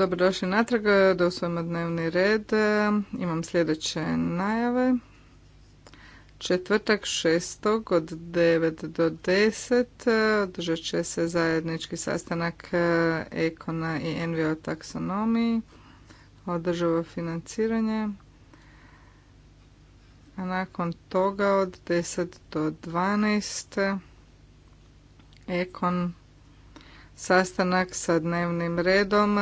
dobrodošli natrag da usvojimo dnevni red. Imam sljedeće najave. Četvrtak 6. od 9 do 10 održat će se zajednički sastanak e, Ekona i Envio o taksonomiji, Održava financiranje. A nakon toga od 10 do 12 Ekon sastanak sa dnevnim redom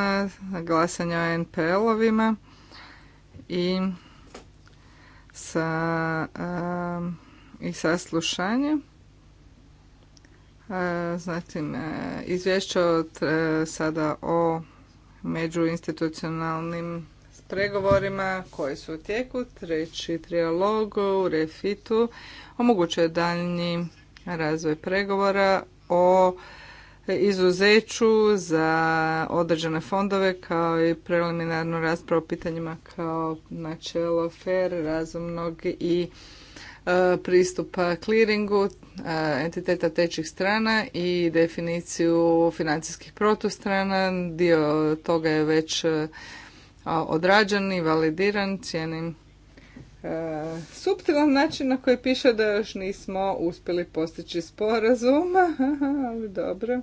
glasanja o NPL-ovima i sa i saslušanje. Zatim e, izvješće e, sada o međuinstitucionalnim pregovorima koji su u tijeku. Treći trijalog u refitu omogućuje daljnji razvoj pregovora o izuzeću za određene fondove kao i preliminarnu raspravu o pitanjima kao načelo fair razumnog i e, pristupa kliringu e, entiteta tečih strana i definiciju financijskih protustrana. Dio toga je već e, odrađen i validiran, cijenim suptilan način na koji piše da još nismo uspjeli postići sporazum, ali dobro.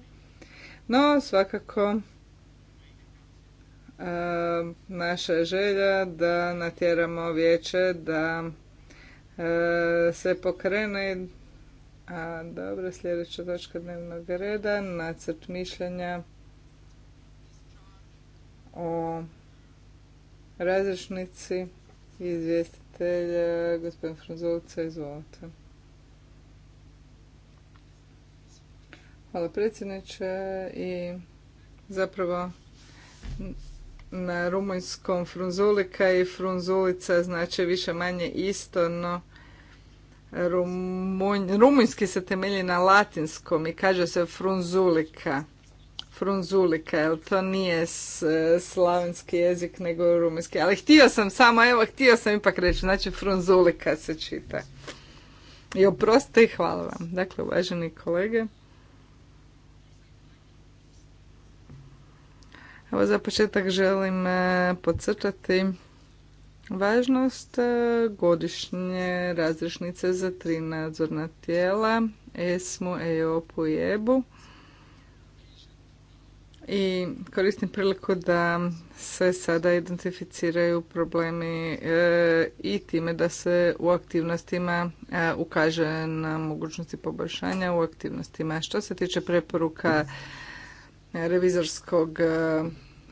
No, svakako naša je želja da natjeramo vijeće da eh, se pokrene a dobro, sljedeća točka dnevnog reda, nacrt mišljenja o različnici izvjestitelja gospodin Franzovca, izvolite. Hvala predsjedniče i zapravo na rumunjskom frunzulika i frunzulica znači više manje isto, no rumunjski se temelji na latinskom i kaže se frunzulika. Frunzulika, jel to nije slavenski jezik nego rumunjski. Ali htio sam samo, evo, htio sam ipak reći, znači frunzulika se čita. I oprostite i hvala vam. Dakle, uvaženi kolege. Evo za početak želim e, podcrtati važnost e, godišnje razrešnice za tri nadzorna tijela, ESMU, EOP-u i EBU. I koristim priliku da se sada identificiraju problemi e, i time da se u aktivnostima ukaže na mogućnosti poboljšanja u aktivnostima. Što se tiče preporuka revizorskog e,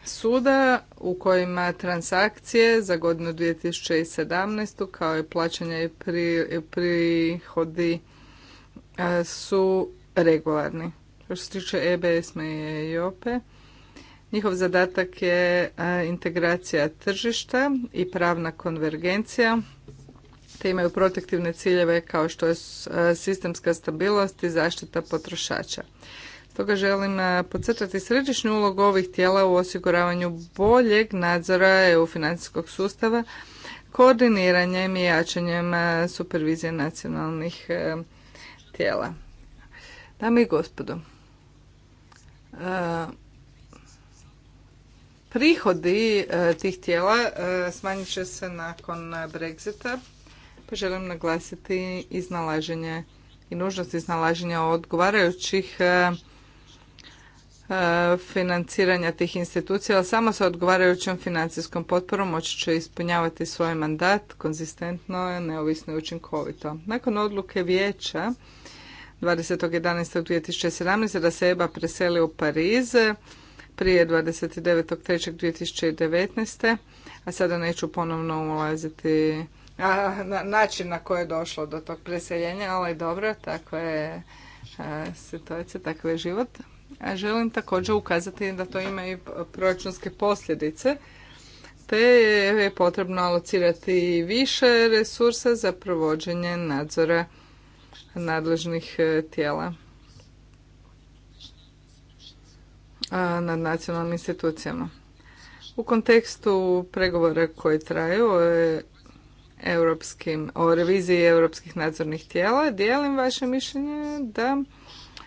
suda u kojima transakcije za godinu 2017. kao i plaćanje i prihodi e, su regularni. Što se tiče EBS e i EOP, njihov zadatak je integracija tržišta i pravna konvergencija te imaju protektivne ciljeve kao što je sistemska stabilnost i zaštita potrošača. Toga želim e, podcrtati središnju ulogu ovih tijela u osiguravanju boljeg nadzora EU financijskog sustava, koordiniranjem i jačanjem e, supervizije nacionalnih e, tijela. Dame i gospodo, prihodi tih tijela smanjit će se nakon Brexita, pa želim naglasiti iznalaženje i nužnost iznalaženja odgovarajućih E, financiranja tih institucija, ali samo sa odgovarajućom financijskom potporom moći će ispunjavati svoj mandat konzistentno, neovisno i učinkovito. Nakon odluke vijeća 20.11.2017 da se EBA preseli u Pariz prije 29.3.2019. A sada neću ponovno ulaziti na način na koji je došlo do tog preseljenja, ali dobro, takva je e, situacija, takav je život. Želim također ukazati da to ima i proračunske posljedice, te je potrebno alocirati više resursa za provođenje nadzora nadležnih e, tijela nad nacionalnim institucijama. U kontekstu pregovora koji traju o, e, europskim, o reviziji europskih nadzornih tijela, dijelim vaše mišljenje da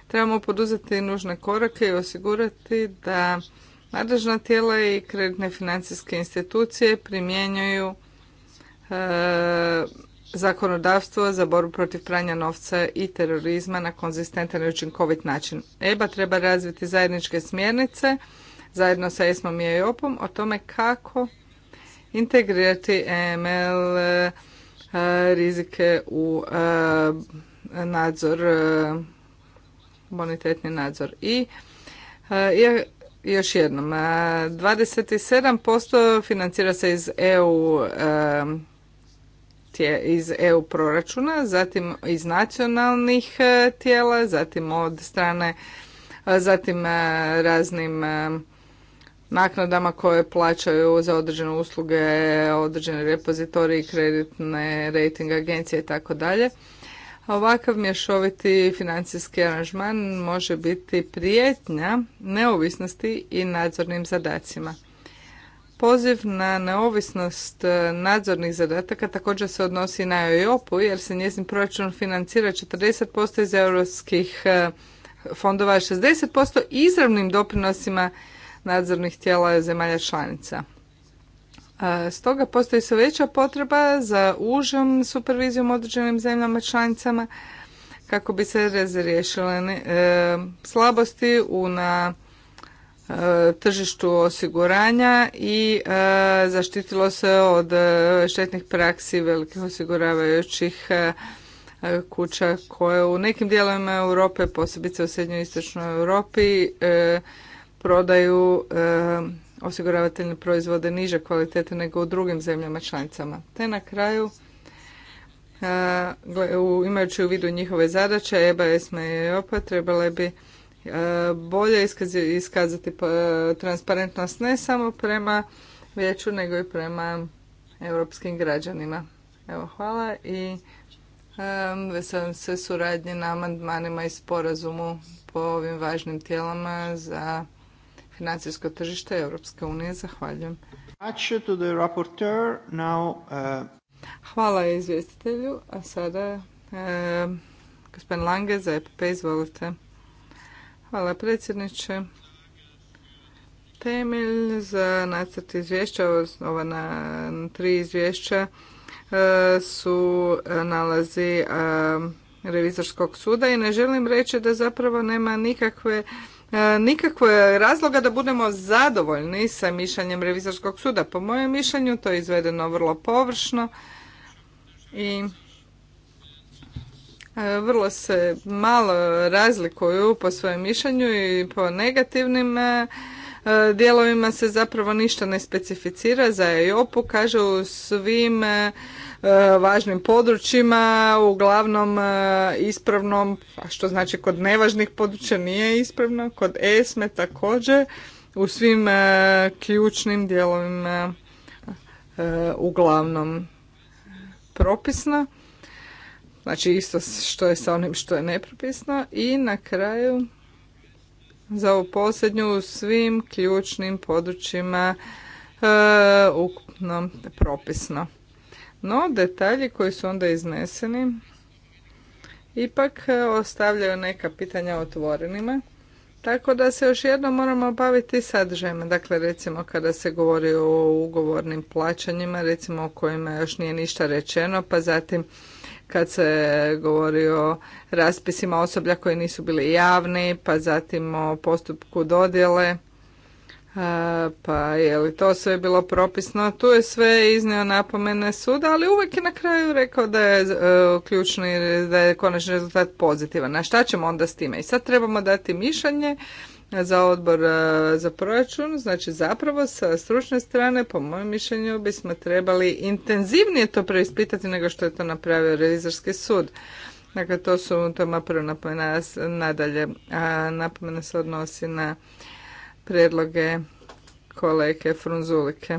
Trebamo poduzeti nužne korake i osigurati da nadležna tijela i kreditne financijske institucije primjenjuju e, zakonodavstvo za borbu protiv pranja novca i terorizma na konzistentan i učinkovit način. EBA treba razviti zajedničke smjernice zajedno sa ESMOM i eop o tome kako integrirati EML e, rizike u e, nadzor bonitetni nadzor. I e, još jednom, 27% e, financira se iz EU e, iz EU proračuna, zatim iz nacionalnih tijela, zatim od strane, zatim raznim naknadama koje plaćaju za određene usluge, određene repozitorije, kreditne rating agencije i tako dalje. Ovakav mješoviti financijski aranžman može biti prijetnja neovisnosti i nadzornim zadacima. Poziv na neovisnost nadzornih zadataka također se odnosi na eop jer se njezin proračun financira 40% iz europskih e, fondova, 60% izravnim doprinosima nadzornih tijela zemalja članica. Stoga postoji sve veća potreba za užom supervizijom određenim zemljama članicama kako bi se razriješile e, slabosti u na e, tržištu osiguranja i e, zaštitilo se od štetnih praksi velikih osiguravajućih kuća koje u nekim dijelovima Europe, posebice u srednjoistočnoj Europi, prodaju osiguravateljne proizvode niže kvalitete nego u drugim zemljama članicama. Te na kraju, imajući u vidu njihove zadaće, EBA, ESMA i EOPA trebale bi bolje iskazati pa, transparentnost ne samo prema vijeću nego i prema europskim građanima. Evo, hvala i veselim se suradnje na amandmanima i sporazumu po ovim važnim tijelama za financijsko tržište Europske unije. Zahvaljujem. Uh, Hvala izvjestitelju, a sada e, gospodin Lange za EPP, izvolite. Hvala predsjedniče. Temelj za nacrt izvješća, ova na tri izvješća, e, su nalazi e, revizorskog suda i ne želim reći da zapravo nema nikakve E, je razloga da budemo zadovoljni sa mišljenjem revizorskog suda. Po mojem mišljenju to je izvedeno vrlo površno i e, vrlo se malo razlikuju po svojem mišljenju i po negativnim e, dijelovima se zapravo ništa ne specificira. Za EOP-u kaže u svim E, važnim područjima, uglavnom e, ispravnom, a što znači kod nevažnih područja nije ispravno, kod ESME također, u svim e, ključnim dijelovima uglavnom propisno. Znači isto što je sa onim što je nepropisno i na kraju za ovu posljednju u svim ključnim područjima e, ukupno propisno. No, detalji koji su onda izneseni ipak e, ostavljaju neka pitanja otvorenima. Tako da se još jednom moramo baviti sadržajima. Dakle, recimo kada se govori o ugovornim plaćanjima, recimo o kojima još nije ništa rečeno, pa zatim kad se govori o raspisima osoblja koji nisu bili javni, pa zatim o postupku dodjele pa je li to sve bilo propisno, tu je sve iznio napomene suda, ali uvijek je na kraju rekao da je e, ključni, da je konačni rezultat pozitivan. Na šta ćemo onda s time? I sad trebamo dati mišljenje za odbor e, za proračun, znači zapravo sa stručne strane, po mojem mišljenju, bismo trebali intenzivnije to preispitati nego što je to napravio revizorski sud. Dakle, to su to prvo nadalje, a napomena se odnosi na predloge kolege Frunzulike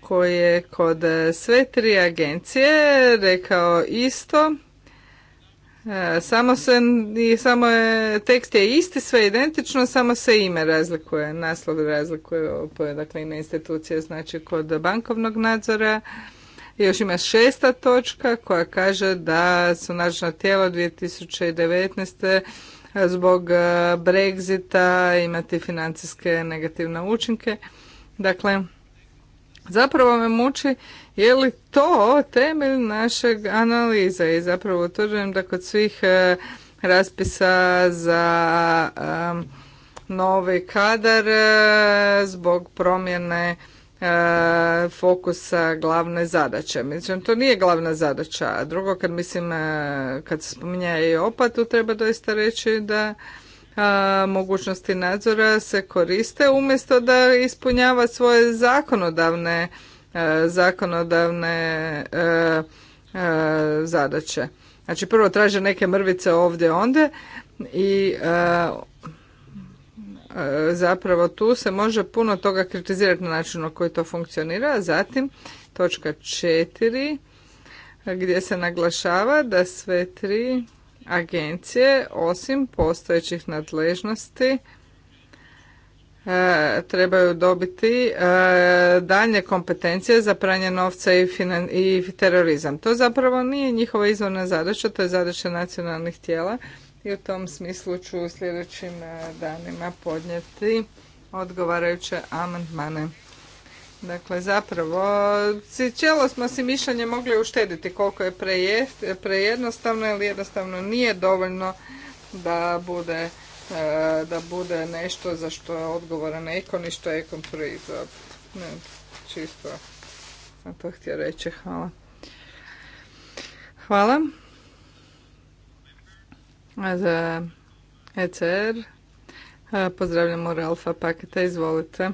koji je kod sve tri agencije rekao isto. E, samo, se, samo je, tekst je isti, sve identično, samo se ime razlikuje, naslov razlikuje, dakle ime institucije, znači kod bankovnog nadzora. Još ima šesta točka koja kaže da su nadležna tijela 2019 zbog e, Brexita imati financijske negativne učinke. Dakle, zapravo me muči je li to temelj našeg analiza i zapravo utvrđujem da kod svih e, raspisa za e, novi kadar zbog promjene E, fokusa glavne zadaće. Mislim, to nije glavna zadaća. A drugo, kad mislim, e, kad se spominja i opa, tu treba doista reći da a, e, mogućnosti nadzora se koriste umjesto da ispunjava svoje zakonodavne zakonodavne a, zadaće. Znači prvo traže neke mrvice ovdje onda i E, zapravo tu se može puno toga kritizirati na način na koji to funkcionira, a zatim točka četiri gdje se naglašava da sve tri agencije osim postojećih nadležnosti e, trebaju dobiti e, dalje kompetencije za pranje novca i, i terorizam. To zapravo nije njihova izvorna zadaća, to je zadaća nacionalnih tijela i u tom smislu ću u sljedećim e, danima podnijeti odgovarajuće amandmane. Dakle, zapravo, cijelo smo si mišljenje mogli uštediti koliko je prejednostavno ili jednostavno nije dovoljno da bude, e, da bude nešto za što je odgovoran ekon i što je ekon proizvod. Ne, čisto sam to htio reći. Hvala. Hvala za ECR. Pozdravljamo Ralfa Paketa, izvolite.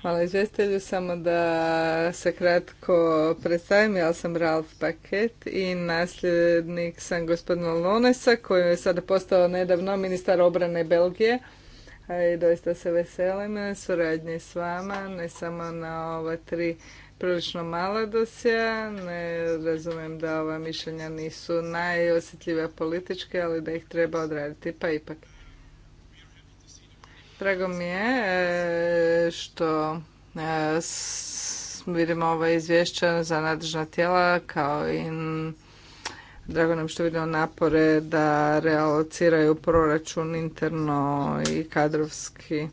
Hvala izvjestitelju, samo da se kratko predstavim, ja sam Ralf Paket i nasljednik sam gospodina Lonesa koji je sada postao nedavno ministar obrane Belgije i doista se veselim suradnje s vama, ne samo na ova tri prilično mala dosija, ne razumijem da ova mišljenja nisu najosjetljivija političke, ali da ih treba odraditi, pa ipak. Drago mi je e, što e, vidimo ova izvješća za nadležna tijela kao i drago nam što vidimo napore da realociraju proračun interno i kadrovski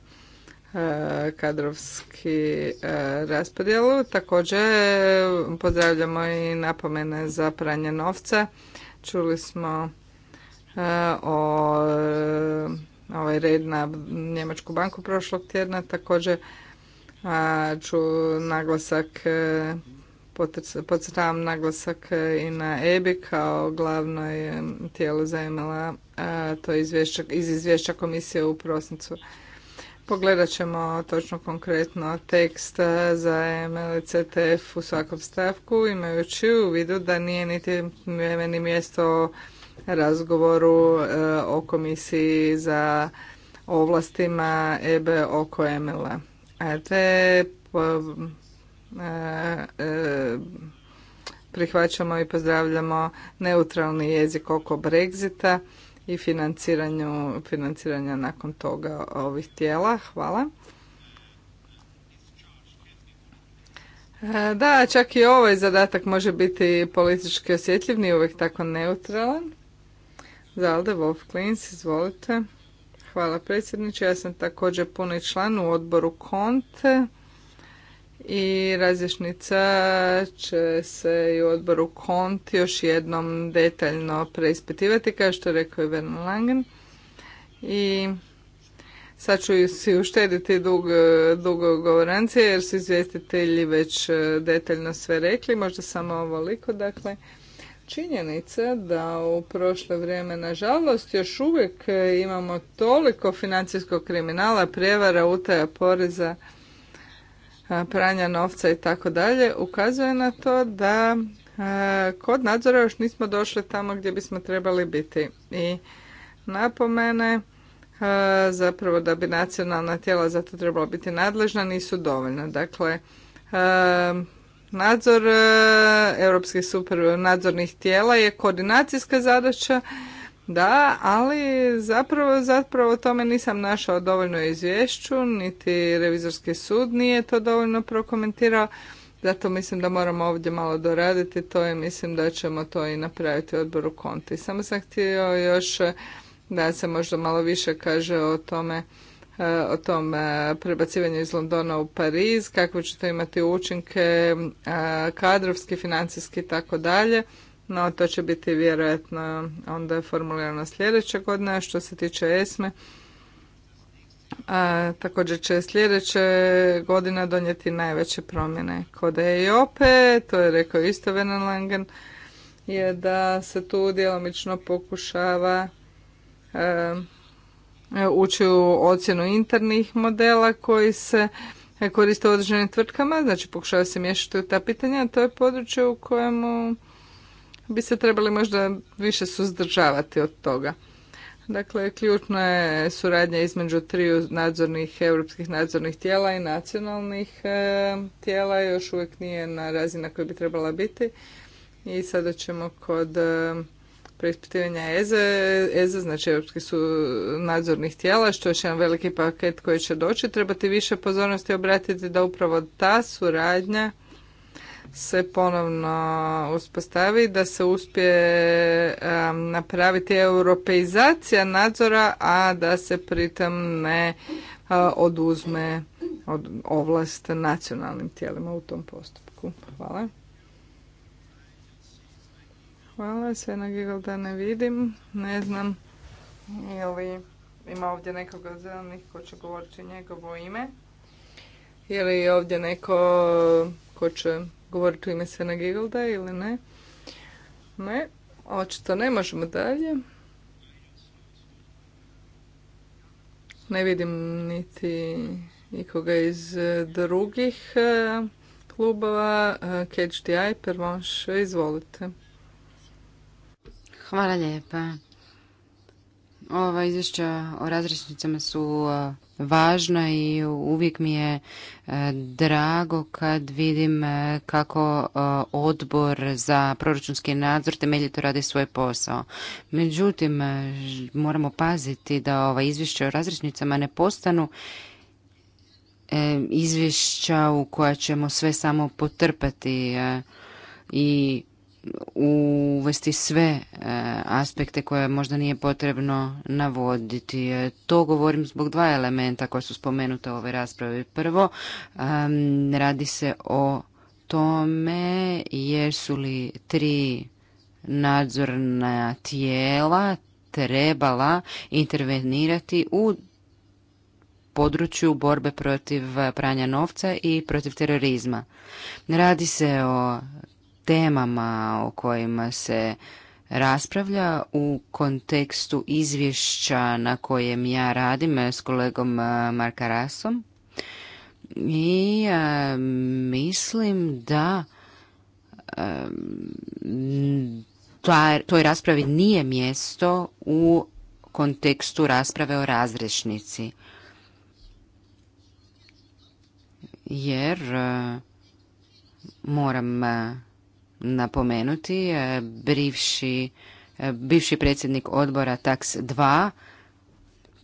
E, kadrovski e, raspodjelu. Također pozdravljamo i napomene za pranje novca. Čuli smo e, o ovaj red na Njemačku banku prošlog tjedna. Također ću naglasak podcrtavam naglasak i na EBI kao je tijelo zajmala to izvješće iz izvješća komisije u prosincu Pogledat ćemo točno konkretno tekst eh, za e CTF u svakom stavku, imajući u vidu da nije niti meni mjesto razgovoru eh, o komisiji za ovlastima EBE oko e ML-a. Te eh, prihvaćamo i pozdravljamo neutralni jezik oko Brexita i financiranju, financiranja nakon toga ovih tijela. Hvala. E, da, čak i ovaj zadatak može biti politički osjetljiv, nije uvijek tako neutralan. Zalde Wolf Klins, izvolite. Hvala predsjedniče, ja sam također puni član u odboru KONTE i razjašnica će se i u odboru KONT još jednom detaljno preispitivati, kao što je rekao i Werner Langen. I sad ću si uštediti dug, dugo govorancije jer su izvjestitelji već e, detaljno sve rekli, možda samo ovoliko. Dakle, činjenica da u prošle vrijeme, nažalost, još uvijek e, imamo toliko financijskog kriminala, prijevara, utaja poreza, pranja novca i tako dalje, ukazuje na to da kod nadzora još nismo došli tamo gdje bismo trebali biti. I napomene zapravo da bi nacionalna tijela za to trebalo biti nadležna nisu dovoljna. Dakle, nadzor europskih super nadzornih tijela je koordinacijska zadaća da, ali zapravo, zapravo tome nisam našao dovoljno izvješću, niti revizorski sud nije to dovoljno prokomentirao. Zato mislim da moramo ovdje malo doraditi to i mislim da ćemo to i napraviti odboru konti. Samo sam htio još e, da se možda malo više kaže o tome e, o tom e, prebacivanju iz Londona u Pariz, kakve će to imati učinke kadrovski, financijski i tako dalje no to će biti vjerojatno onda je formulirano sljedeće godine. Što se tiče ESME, a, također će sljedeće godina donijeti najveće promjene kod EIOP, e, to je rekao isto Langen, je da se tu djelomično pokušava ući u ocjenu internih modela koji se koriste u određenim tvrtkama, znači pokušava se miješati u ta pitanja, to je područje u kojemu bi se trebali možda više suzdržavati od toga. Dakle, ključna je suradnja između triju nadzornih, europskih nadzornih tijela i nacionalnih e, tijela. Još uvijek nije na razina koja bi trebala biti. I sada ćemo kod e, preispitivanja EZE, EZE znači europskih su nadzornih tijela, što je još jedan veliki paket koji će doći. Trebati više pozornosti obratiti da upravo ta suradnja se ponovno uspostavi, da se uspije napraviti europeizacija nadzora, a da se pritom ne e, oduzme od ovlast nacionalnim tijelima u tom postupku. Hvala. Hvala, sve na Google da ne vidim. Ne znam ili ima ovdje nekoga od zelenih ko će govoriti njegovo ime. Ili ovdje neko ko će govoriti u ime Svena Gigalda ili ne? Ne, očito ne možemo dalje. Ne vidim niti nikoga iz e, drugih e, klubova. KDI e, the vaš, izvolite. Hvala lijepa. Ova izvješća o razrešnicama su e, važna i uvijek mi je e, drago kad vidim e, kako odbor za proračunski nadzor temeljito radi svoj posao. Međutim, moramo paziti da ova izvješća o razrešnicama ne postanu izvješća u koja ćemo sve samo potrpati i uvesti sve e, aspekte koje možda nije potrebno navoditi. E, to govorim zbog dva elementa koja su spomenuta u ovoj raspravi. Prvo, radi se o tome jesu li tri nadzorna tijela trebala intervenirati u području borbe protiv pranja novca i protiv terorizma. Radi se o temama o kojima se raspravlja u kontekstu izvješća na kojem ja radim eh, s kolegom eh, Markarasom. I eh, mislim da a, toj raspravi nije mjesto u kontekstu rasprave o razrešnici. Jer moram napomenuti, e, e, bivši, predsjednik odbora TAX 2,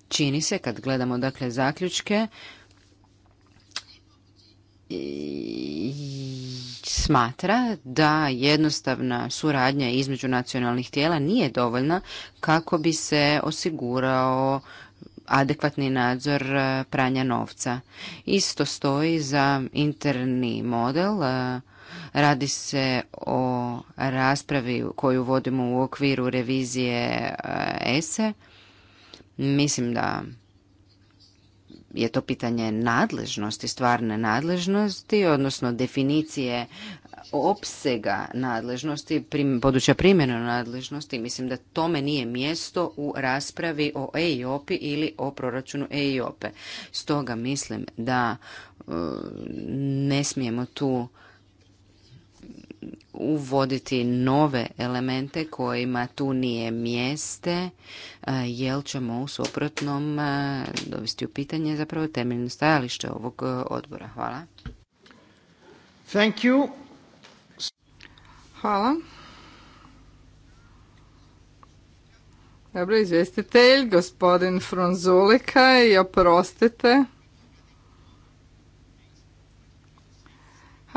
čini se kad gledamo dakle zaključke, smatra da jednostavna suradnja između nacionalnih tijela nije dovoljna kako bi se osigurao adekvatni nadzor e, pranja novca. Isto stoji za interni model Radi se o raspravi koju vodimo u okviru revizije eh, ESE. Mislim da je to pitanje nadležnosti, stvarne nadležnosti, odnosno definicije opsega nadležnosti, područja primjene nadležnosti, mislim da tome nije mjesto u raspravi o EIOP-i ili o proračunu EIOP-e. Stoga mislim da eh, ne smijemo tu uvoditi nove elemente kojima tu nije mjeste, e, Jel ćemo u suprotnom e, dovesti u pitanje zapravo temeljno stajalište ovog e, odbora. Hvala. Thank you. Hvala. Dobro, izvjestitelj, gospodin Frunzulika i oprostite.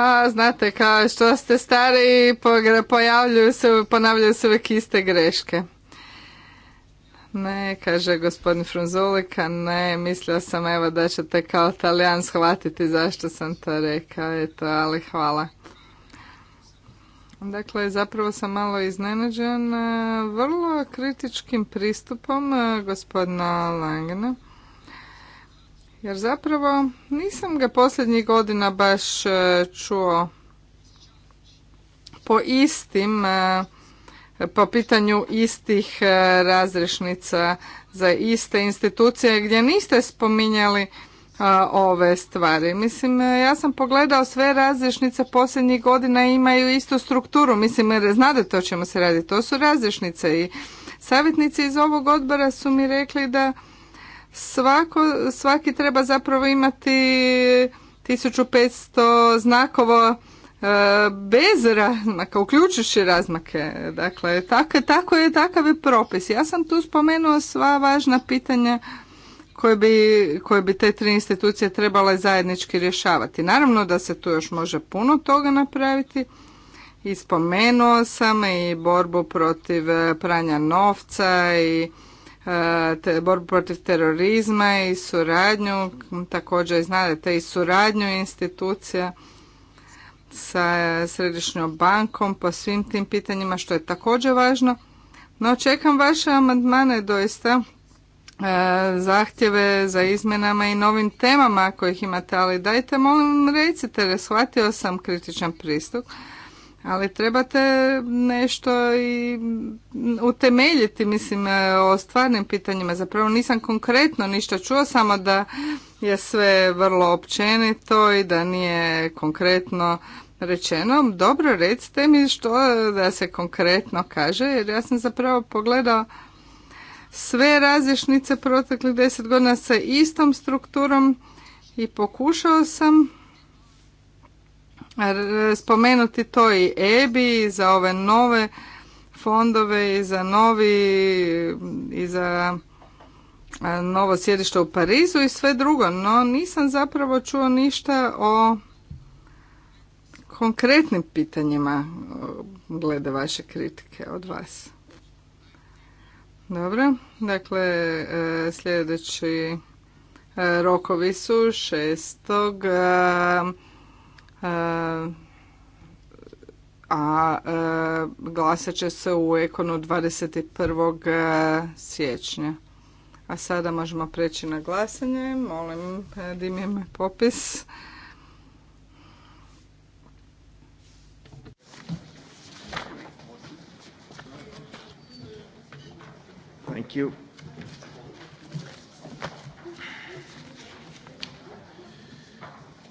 a znate kao što ste stari pojavljuju se, ponavljaju se uvijek iste greške. Ne, kaže gospodin Frunzulika, ne, mislio sam evo da ćete kao talijan shvatiti zašto sam to rekao, eto, ali hvala. Dakle, zapravo sam malo iznenađen vrlo kritičkim pristupom eh, gospodina Langena. Jer zapravo nisam ga posljednjih godina baš e, čuo po istim, e, po pitanju istih e, razrešnica za iste institucije gdje niste spominjali ove stvari. Mislim, ja sam pogledao sve razrešnice posljednjih godina i imaju istu strukturu. Mislim, jer znate o čemu se radi. To su razrešnice i savjetnici iz ovog odbora su mi rekli da Svako, svaki treba zapravo imati 1500 znakova e, bez razmaka, uključujući razmake. Dakle, tako, tako je takav je propis. Ja sam tu spomenuo sva važna pitanja koje bi, koje bi te tri institucije trebale zajednički rješavati. Naravno da se tu još može puno toga napraviti. I spomenuo sam i borbu protiv pranja novca i E, te, borbu protiv terorizma i suradnju, također znate i suradnju institucija sa Središnjom bankom po svim tim pitanjima što je također važno. No čekam vaše amandmane doista, e, zahtjeve za izmjenama i novim temama kojih imate, ali dajte molim recite, shvatio sam kritičan pristup ali trebate nešto i utemeljiti, mislim, e, o stvarnim pitanjima. Zapravo nisam konkretno ništa čuo, samo da je sve vrlo općenito i da nije konkretno rečeno. Dobro, recite mi što da se konkretno kaže, jer ja sam zapravo pogledao sve razješnice proteklih deset godina sa istom strukturom i pokušao sam spomenuti to i EBI za ove nove fondove i za novi i za e, novo sjedište u Parizu i sve drugo, no nisam zapravo čuo ništa o konkretnim pitanjima e, glede vaše kritike od vas. Dobro, dakle e, sljedeći rokovi su šestog a glasat će se u Ekonu 21. E, siječnja. A sada možemo preći na glasanje. Molim, je me popis. Thank you.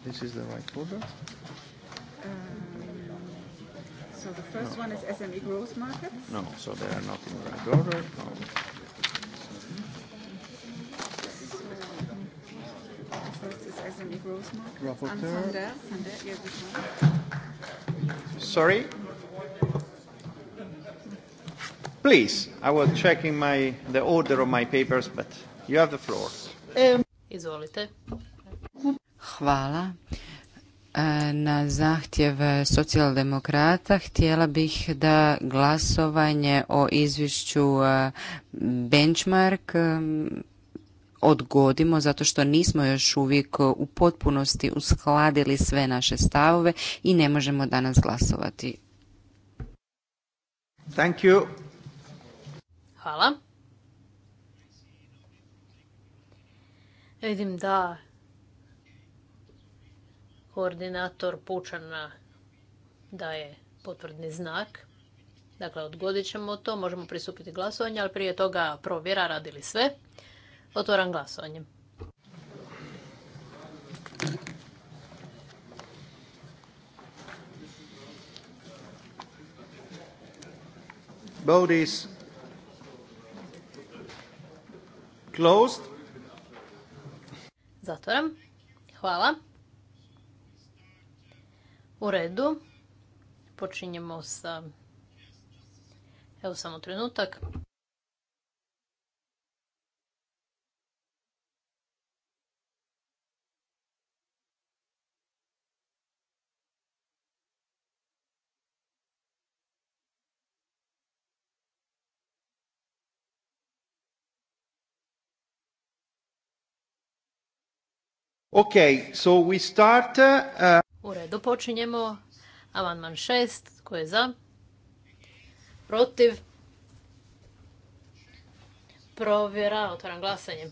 This is the right folder. So the first one is SME growth market? No, so they are not in the right order. No. So, first is SME growth market. Rapporteur. And Sander, Sander, yeah, this one. Sorry? Please, I was checking my, the order of my papers, but you have the floor. Izvolite. Hvala. E, na zahtjev socijaldemokrata htjela bih da glasovanje o izvješću e, benchmark e, odgodimo zato što nismo još uvijek u potpunosti uskladili sve naše stavove i ne možemo danas glasovati. Thank you. Hvala. Vidim da Koordinator Pučana daje potvrdni znak. Dakle, odgodit ćemo to, možemo pristupiti glasovanju, ali prije toga provjera radili sve. Otvoram glasovanje. Vote closed. Zatvoram. Hvala. U redu. Počinjemo sa... Evo samo trenutak. Okay, so we start. Uh... U redu, počinjemo. Amandman 6, tko je za? Protiv? Provjera, otvaram glasanje.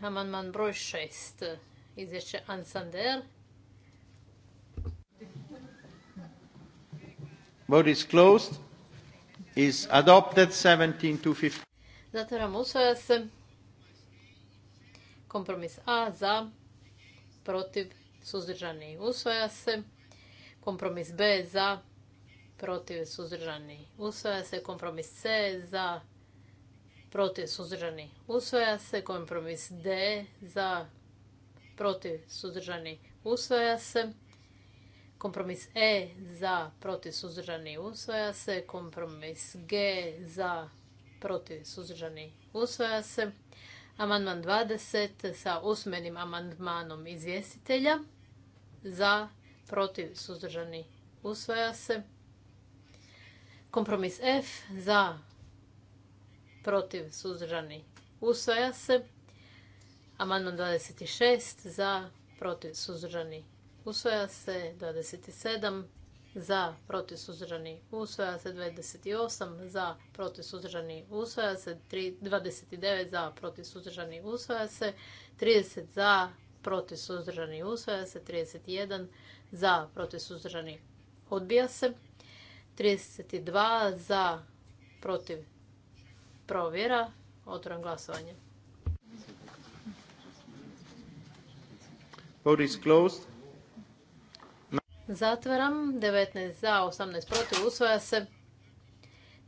Amandman broj 6, izvješće Ansander. Vote is closed. Is adopted 17 to 15. Zatvaram usvoja se. Kompromis A za, protiv, suzdržani, usvaja se. Kompromis B za, protiv, suzdržani, usvaja se. Kompromis C za, protiv, suzdržani, usvaja se. Kompromis D za, protiv, suzdržani, usvaja se. Kompromis E za, protiv, suzdržani, usvaja se. Kompromis G za, protiv, suzdržani, usvaja se. Amandman 20 sa usmenim amandmanom izvjestitelja. Za, protiv, suzdržani, usvaja se. Kompromis F za, protiv, suzdržani, usvaja se. Amandman 26 za, protiv, suzdržani, usvaja se. 27 za, protiv, suzdržani, usvaja se 28, za, protiv, suzdržani, usvaja se 29, za, protiv, suzdržani, usvaja se 30, za, protiv, suzdržani, usvaja se 31, za, protiv, suzdržani, odbija se 32, za, protiv, provjera, otvoram glasovanje. Vote is closed. Zatvaram. 19 za, 18 protiv. Usvaja se.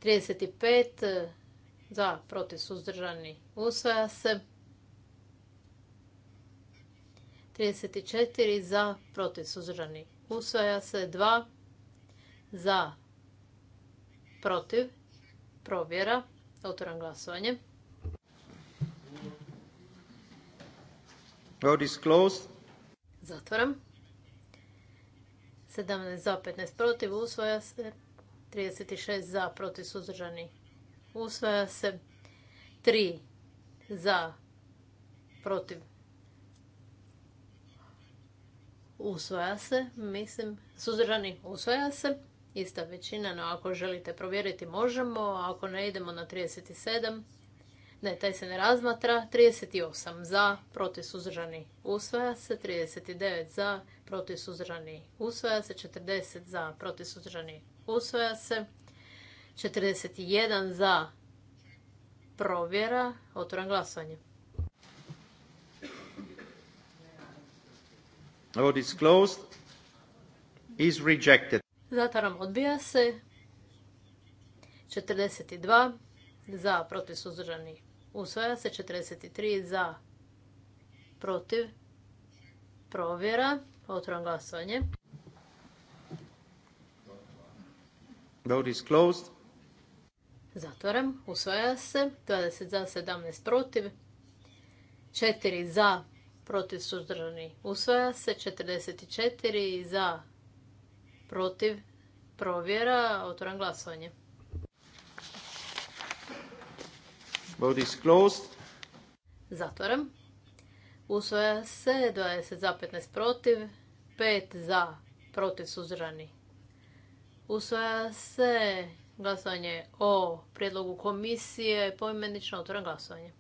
35 e, za, protiv suzdržani. Usvaja se. 34 za, protiv suzdržani. Usvaja se. 2 za, protiv. Provjera. autoram glasovanje. Vote is closed. Zatvoram. 17 za, 15 protiv, usvaja se. 36 za, protiv, suzdržani, usvaja se. 3 za, protiv, usvaja se, mislim, suzdržani, usvaja se. Ista većina, no ako želite provjeriti možemo, ako ne idemo na 37 ne, taj se ne razmatra. 38 za, protiv suzdržani usvaja se. 39 za, protiv suzdržani usvaja se. 40 za, protiv suzdržani usvaja se. 41 za, provjera. Otvoram glasovanje. Vote is Is rejected. Zatvaram odbija se. 42 za, protiv suzdržani Usvaja se 43 za, protiv, provjera. Otvoram glasovanje. Vote is closed. Zatvoram. Usvaja se. 20 za, 17 protiv. 4 za, protiv suzdržani. Usvaja se. 44 za, protiv, provjera. Otvoram glasovanje. Vote is closed. Zatvaram. Usvaja se 20 za 15 protiv, 5 za protiv suzrani. Usvaja se glasovanje o prijedlogu komisije poimenično otvoren glasovanje.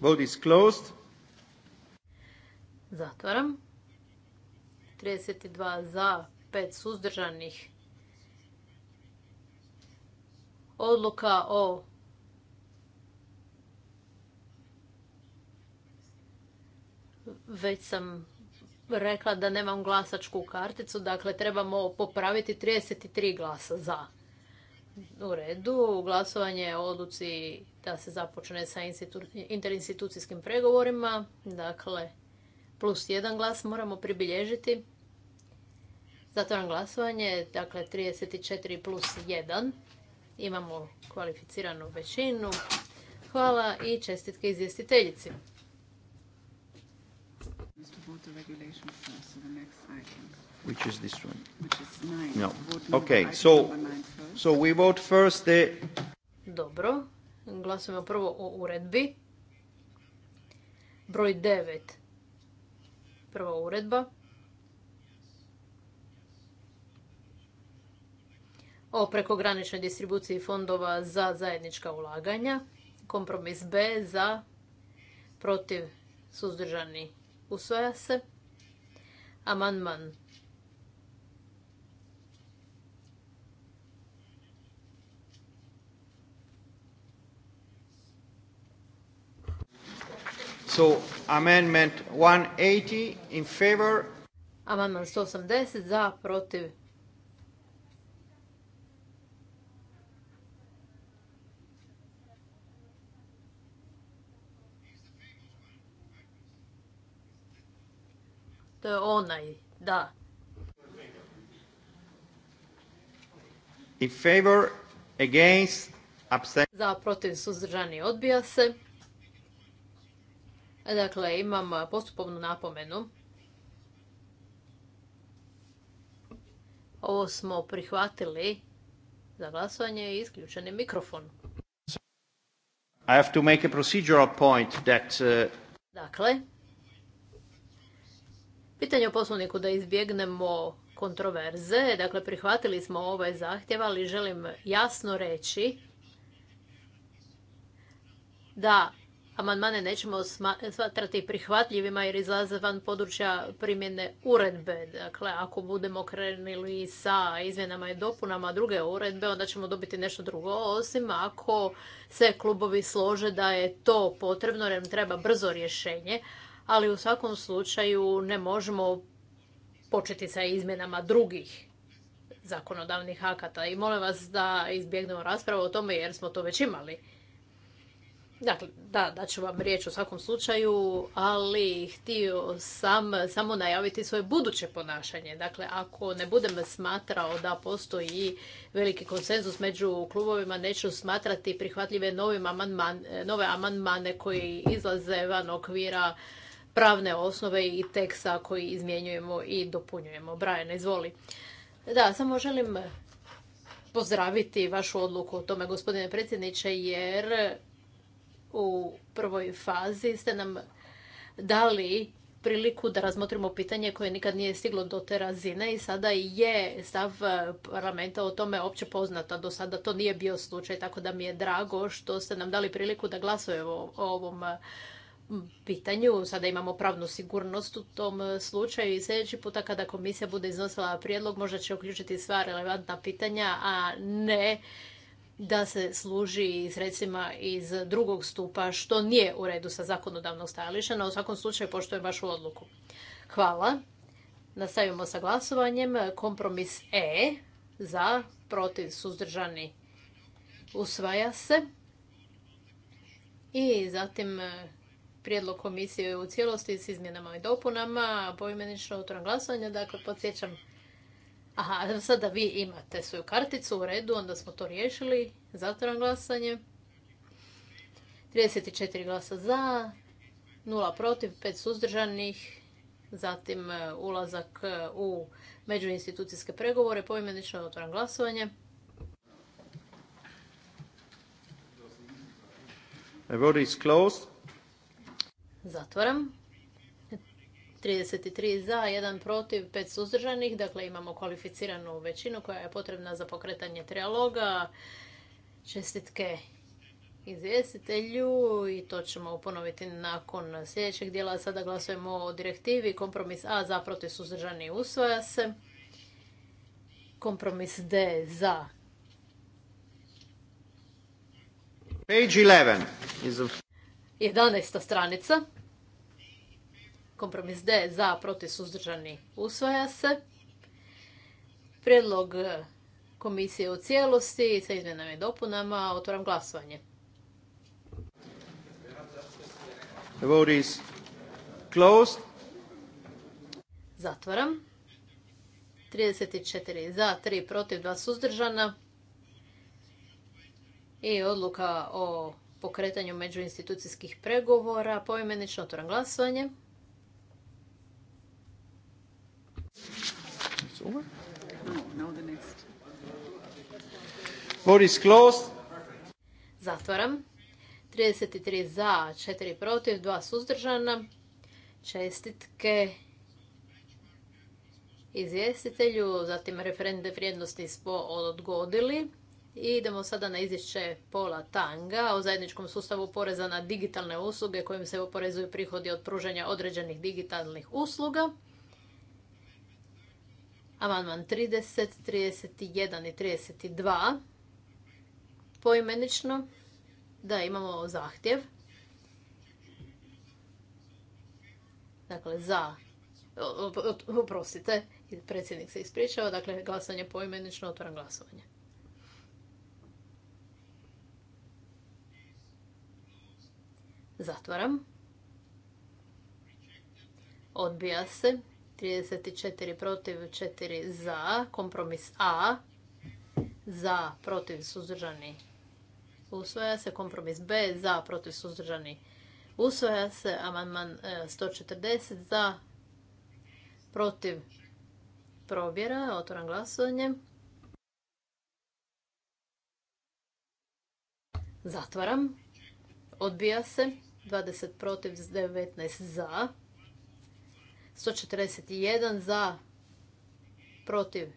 Vote. is closed. Zatvaram. 32 za, pet suzdržanih. Odluka o već sam rekla da nemam glasačku karticu, dakle trebamo popraviti 33 glasa za. U redu, glasovanje o odluci da se započne sa interinstitucijskim pregovorima, dakle plus jedan glas moramo pribilježiti. Zatvoram glasovanje, dakle 34 plus 1. Imamo kvalificiranu većinu. Hvala i čestitke izvjestiteljici. Which is this one? No. Okay, so, so we vote first the... Dobro, glasujemo prvo o uredbi. Broj 9. Prva uredba. o prekograničnoj distribuciji fondova za zajednička ulaganja. Kompromis B za protiv suzdržani usvaja se. Amandman So, amendment 180 in favor. Amandman 180 za, protiv, To je onaj, da. In favor, against, Za, protiv, suzdržani, odbija se. E, dakle, imam postupovnu napomenu. Ovo smo prihvatili za glasovanje i isključen je mikrofon. Uh, dakle, Pitanje o poslovniku da izbjegnemo kontroverze. Dakle, prihvatili smo ovaj zahtjev, ali želim jasno reći da amandmane nećemo smatrati prihvatljivima jer izlaze van područja primjene uredbe. Dakle, ako budemo krenuli sa izmjenama i dopunama druge uredbe, onda ćemo dobiti nešto drugo, osim ako se klubovi slože da je to potrebno, jer im treba brzo rješenje ali u svakom slučaju ne možemo početi sa izmjenama drugih zakonodavnih akata i molim vas da izbjegnemo raspravu o tome jer smo to već imali. Dakle, da, ću vam riječ u svakom slučaju, ali htio sam samo najaviti svoje buduće ponašanje. Dakle, ako ne budem smatrao da postoji veliki konsenzus među klubovima, neću smatrati prihvatljive nove amandmane koji izlaze van okvira pravne osnove i teksta koji izmjenjujemo i dopunjujemo. Brian, izvoli. Da, samo želim pozdraviti vašu odluku o tome, gospodine predsjedniče, jer u prvoj fazi ste nam dali priliku da razmotrimo pitanje koje nikad nije stiglo do te razine i sada je stav parlamenta o tome opće poznata. Do sada to nije bio slučaj, tako da mi je drago što ste nam dali priliku da glasujemo o ovom pitanju. Sada imamo pravnu sigurnost u tom e, slučaju i sljedeći puta kada komisija bude iznosila prijedlog možda će uključiti sva relevantna pitanja, a ne da se služi sredstvima iz drugog stupa, što nije u redu sa zakonodavnog stajališa, no u svakom slučaju poštujem vašu odluku. Hvala. Nastavimo sa glasovanjem. Kompromis E za, protiv, suzdržani usvaja se. I zatim e, prijedlog komisije u cijelosti s izmjenama i dopunama, poimenično otvoran glasovanje, dakle podsjećam Aha, sada vi imate svoju karticu u redu, onda smo to riješili. Zatvoran glasanje. 34 glasa za, 0 protiv, 5 suzdržanih. Zatim e, ulazak e, u međuinstitucijske pregovore, poimenično otvoran glasovanje. The closed. Zatvaram. 33 za, 1 protiv, 5 suzdržanih. Dakle, imamo kvalificiranu većinu koja je potrebna za pokretanje trialoga. Čestitke izvjestitelju i to ćemo ponoviti nakon sljedećeg dijela. Sada glasujemo o direktivi. Kompromis A za protiv suzdržani usvaja se. Kompromis D za. Page 11 11. stranica. Kompromis D za protiv suzdržani usvaja se. Prijedlog komisije u cijelosti sa izmjenama i dopunama. Otvoram glasovanje. The vote is closed. Zatvaram. 34 za, 3 protiv, 2 suzdržana. I odluka o pokretanju međuinstitucijskih pregovora. Poimenično otvoram glasovanje. Zatvaram. 33 za, 4 protiv, 2 suzdržana. Čestitke izvjestitelju, zatim referende vrijednosti smo odgodili idemo sada na izvješće Pola Tanga o zajedničkom sustavu poreza na digitalne usluge kojim se oporezuju prihodi od pružanja određenih digitalnih usluga. Amandman 30, 31 i 32. Poimenično da imamo zahtjev. Dakle, za, oprostite, predsjednik se ispričava, dakle, glasanje poimenično, otvoram glasovanje. Zatvaram. Odbija se. 34 protiv, 4 za. Kompromis A. Za, protiv, suzdržani. usvoja se. Kompromis B. Za, protiv, suzdržani. Usvaja se. Amandman 140 e, za. Protiv. Probjera. Otvoram glasovanje. Zatvaram. Odbija se. 20 protiv, 19 za. 141 za, protiv,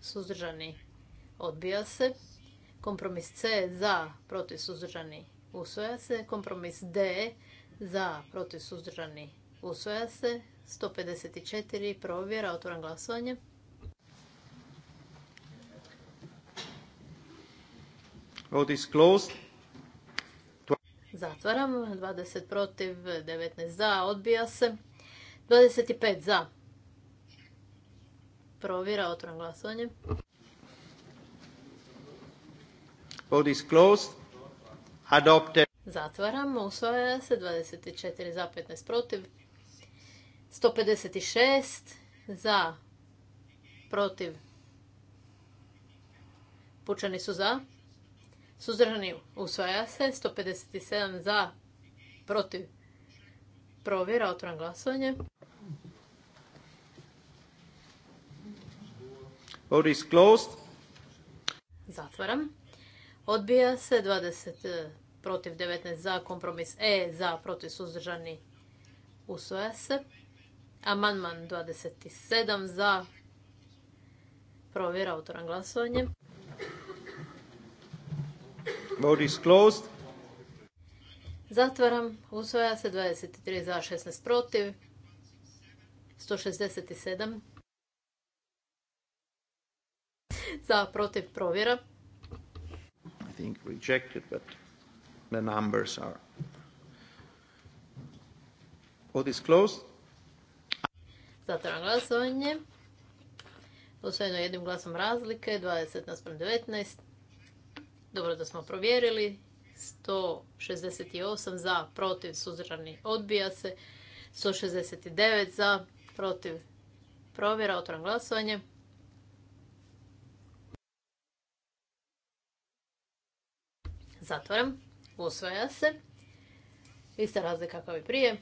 suzdržani, odbija se. Kompromis C za, protiv, suzdržani, usvoja se. Kompromis D za, protiv, suzdržani, usvoja se. 154 provjera, Otvoran glasovanje. Vote is closed. Zatvaram. 20 protiv, 19 za, odbija se. 25 za. Provjera, otvoram glasovanje. Vote is closed. Adopted. Zatvaram, usvaja se 24 za, 15 protiv. 156 za, protiv. Pučani su za. Suzdržani usvaja se. 157 za. Protiv. Provjera. otvoran glasovanje. Vote is closed. Zatvaram. Odbija se 20 eh, protiv 19 za kompromis E za protiv suzdržani usvoja se. Amandman 27 za provjera autoran glasovanje. Vote is closed. Zatvaram. Usvaja se 23 za, 16 protiv. 167. Za, protiv, provjera. I think rejected, but the numbers are... What is closed. Zatvaram glasovanje. Usvojeno jednim glasom razlike, 20 naspram 19. Dobro da smo provjerili. 168 za, protiv, suzdržani, odbija se. 169 za, protiv, provjera, otvoram glasovanje. Zatvoram, usvaja se. Ista razlika kao i prije.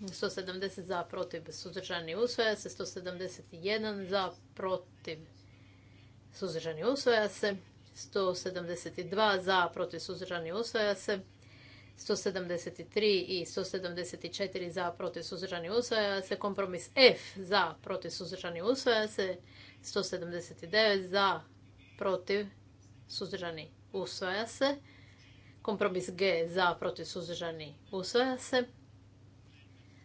170 za, protiv, suzdržani, usvaja se. 171 za, protiv, suzdržani, usvaja se. 172 za, protiv suzdržani usvaja se. 173 i 174 za, protiv suzdržani usvaja se. Kompromis F za, protiv suzdržani usvaja se. 179 za, protiv suzdržani usvaja se. Kompromis G za, protiv suzdržani usvaja se.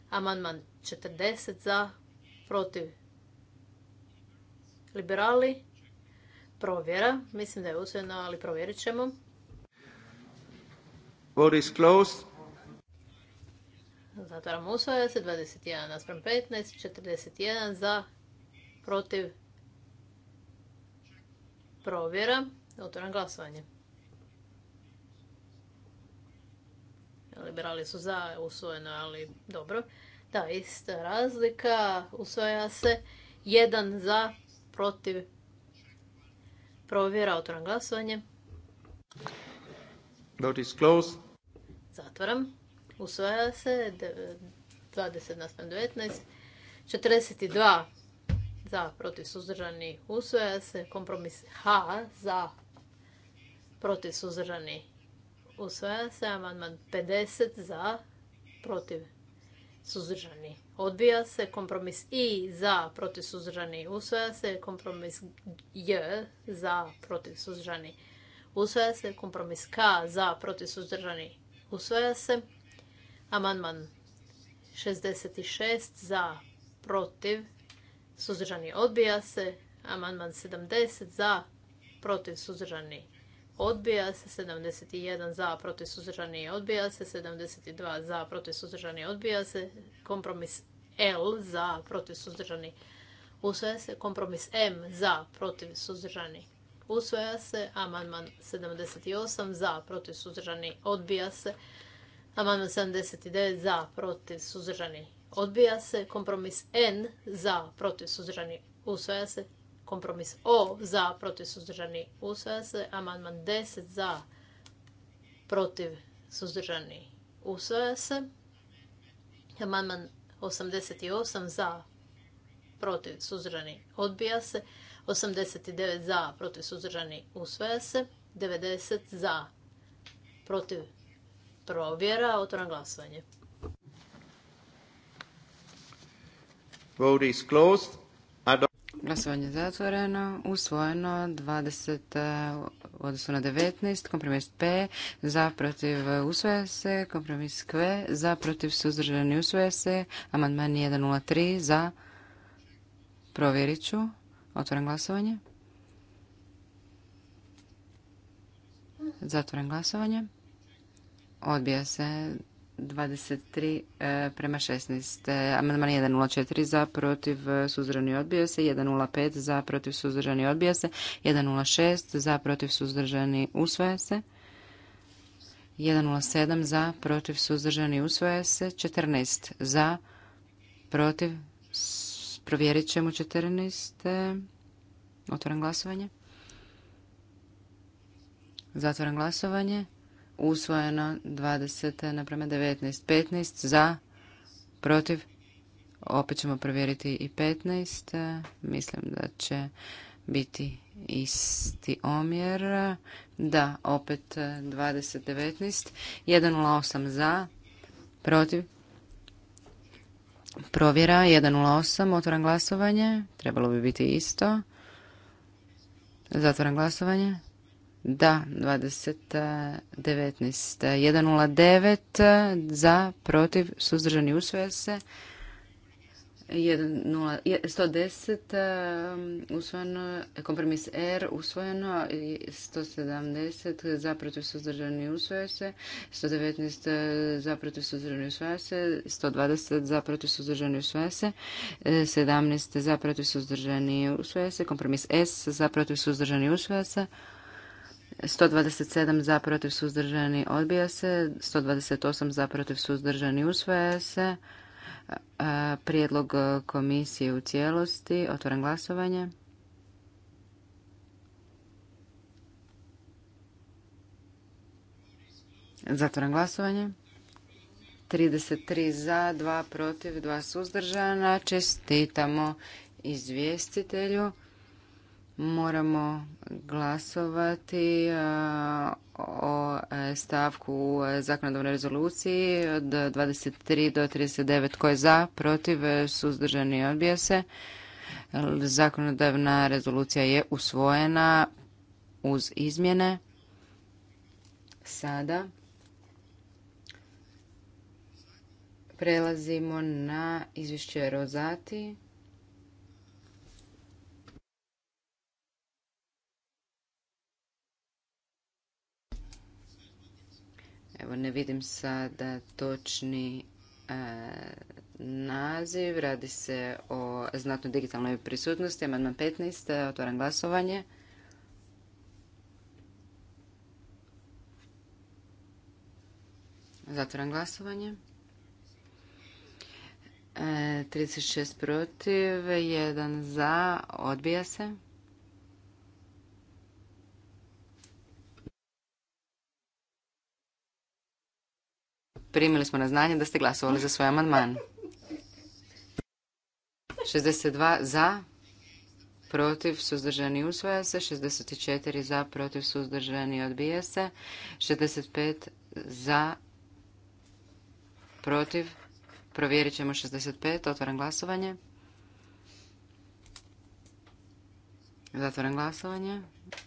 Amandman 40 za, protiv liberali provjera. Mislim da je usvojeno, ali provjerit ćemo. Vote is closed. Zatvaram usvoja se 21 nasprem 15, 41 za, protiv, provjera. Otvoram glasovanje. Liberali su za usvojeno, ali dobro. Da, ista razlika. Usvoja se 1 za, protiv, Provjera, otvoram glasovanje. Vote is closed. Zatvoram. Usvaja se 20 19. 42 za protiv suzdržani usvaja se. Kompromis H za protiv suzdržani usvaja se. Amandman 50 za protiv suzdržani. Odbija se kompromis i za protiv suzdržani. Usvaja se kompromis j za protiv suzdržani. Usvaja se kompromis k za protiv suzdržani. Usvaja se amandman 66 za protiv suzdržani. Odbija se amandman 70 za protiv suzdržani odbija se 71 za, protiv suzdržani odbija se 72 za, protiv suzdržani odbija se kompromis L za, protiv suzdržani usvaja se kompromis M za, protiv suzdržani usvaja se amandman 78 za, protiv suzdržani odbija se amandman 79 za, protiv suzdržani odbija se kompromis N za, protiv suzdržani usvaja se Kompromis O za protiv suzdržani usvaja se. Amandman 10 za protiv suzdržani usvaja se. Amandman 88 za protiv suzdržani odbija se. 89 za protiv suzdržani usvaja se. 90 za protiv provjera. Otvoram glasovanje. Vote is closed. Glasovanje zatvoreno. Usvojeno 20 odnosno na 19. Kompromis P za protiv se. Kompromis Q za protiv suzdržani usvoja se. Amandman 103 za. Provjerit ću. Otvoren glasovanje. Zatvoren glasovanje. Odbija se 23 e, prema 16. E, amandman 1.04 e, za protiv suzdržani odbija se, 1.05 za protiv suzdržani odbija se, 1.06 za protiv suzdržani usvaja se, 1.07 za protiv suzdržani usvaja se, 14 za protiv provjerit ćemo 14. Otvoram glasovanje. Zatvoram glasovanje usvojeno 20 naprema 19. 15 za, protiv, opet ćemo provjeriti i 15. Mislim da će biti isti omjer. Da, opet 20-19. 108 za, protiv. Provjera 108, otvoram glasovanje. Trebalo bi biti isto. Zatvoram glasovanje. Da, 20, 109 za, protiv, suzdržani usvoja se. 110 um, usvojeno, kompromis R usvojeno, 170 za protiv suzdržani usvoja se, 119 uh, za protiv suzdržani usvoja se, 120 za protiv suzdržani usvoja se, 17 za protiv suzdržani usvoja se, kompromis S za protiv suzdržani usvoja se, 127 za protiv suzdržani odbija se, 128 za protiv suzdržani usvaja se. E, prijedlog komisije u cijelosti. Otvaram glasovanje. Zatvaram glasovanje. 33 za, 2 protiv, 2 suzdržana. Čestitamo izvjestitelju moramo glasovati e, o e, stavku u zakonodavnoj rezoluciji od 23 do 39 tko je za, protiv, suzdržani odbija se. Zakonodavna rezolucija je usvojena uz izmjene. Sada prelazimo na izvješće Rozati. Evo ne vidim sada točni e, naziv. Radi se o znatnoj digitalnoj prisutnosti. Amandman 15. E, otvaram glasovanje. Zatvaram glasovanje. 36 e, protiv, 1 za, odbija se. Primili smo na znanje da ste glasovali za svoj amandman. 62 za, protiv, suzdržani usvaja se. 64 za, protiv, suzdržani odbija se. 65 za, protiv. Provjerit ćemo 65. Otvaram glasovanje. Zatvoram glasovanje.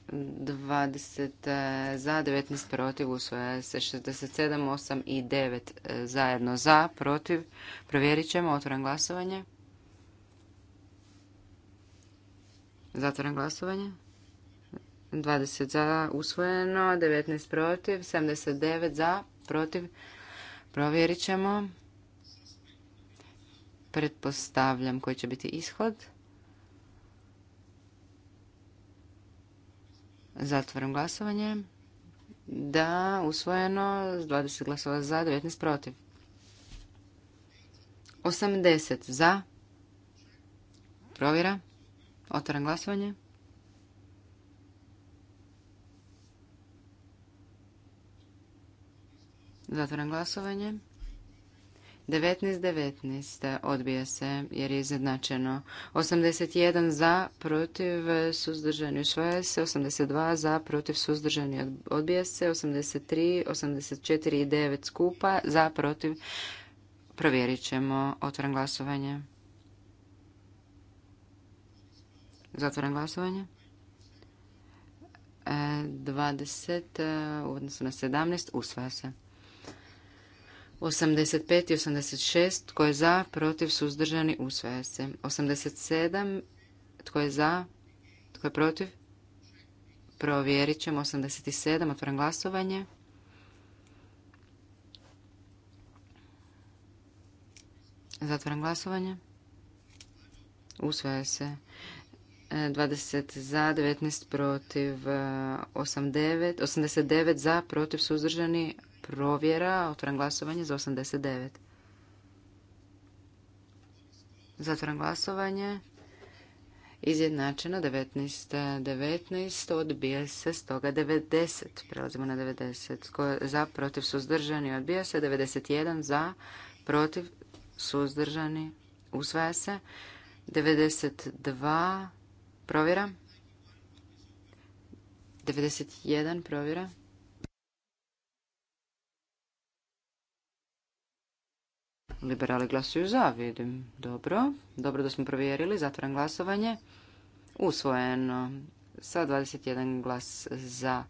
20 eh, za, 19 protiv, usvoja se 67, 8 i 9 eh, zajedno za, protiv. Provjerit ćemo, otvoram glasovanje. Zatvoram glasovanje. 20 za, usvojeno, 19 protiv, 79 za, protiv. Provjerit ćemo. Pretpostavljam koji će biti ishod. Zatvaram glasovanje. Da, usvojeno. 20 glasova za, 19 protiv. 80 za. Provjera. Otvaram glasovanje. Zatvaram glasovanje. 19, 19 odbija se jer je izjednačeno. 81 za, protiv, suzdržani usvaja se. 82 za, protiv, suzdržani odbija se. 83, 84 i 9 skupa za, protiv. Provjerit ćemo. Otvoren glasovanje. Zatvoren glasovanje. 20 e, u odnosu na 17 usvaja se. 85 i 86. Tko je za? Protiv? Suzdržani? Usvaja se. 87. Tko je za? Tko je protiv? Provjerit ćemo. 87. Otvoram glasovanje. Zatvoram glasovanje. Usvaja se. 20 e, za, 19 protiv, 89, e, 89 za, protiv suzdržani, provjera, otvoram glasovanje za 89. Zatvoram glasovanje. Izjednačeno 19. 19. Odbija se stoga 90. Prelazimo na 90. za, protiv, suzdržani. Odbija se 91. Za, protiv, suzdržani. Usvaja se. 92. Provjera. 91. Provjera. Liberali glasuju za, vidim. Dobro. Dobro da smo provjerili. Zatvoren glasovanje. Usvojeno. Sa 21 glas za.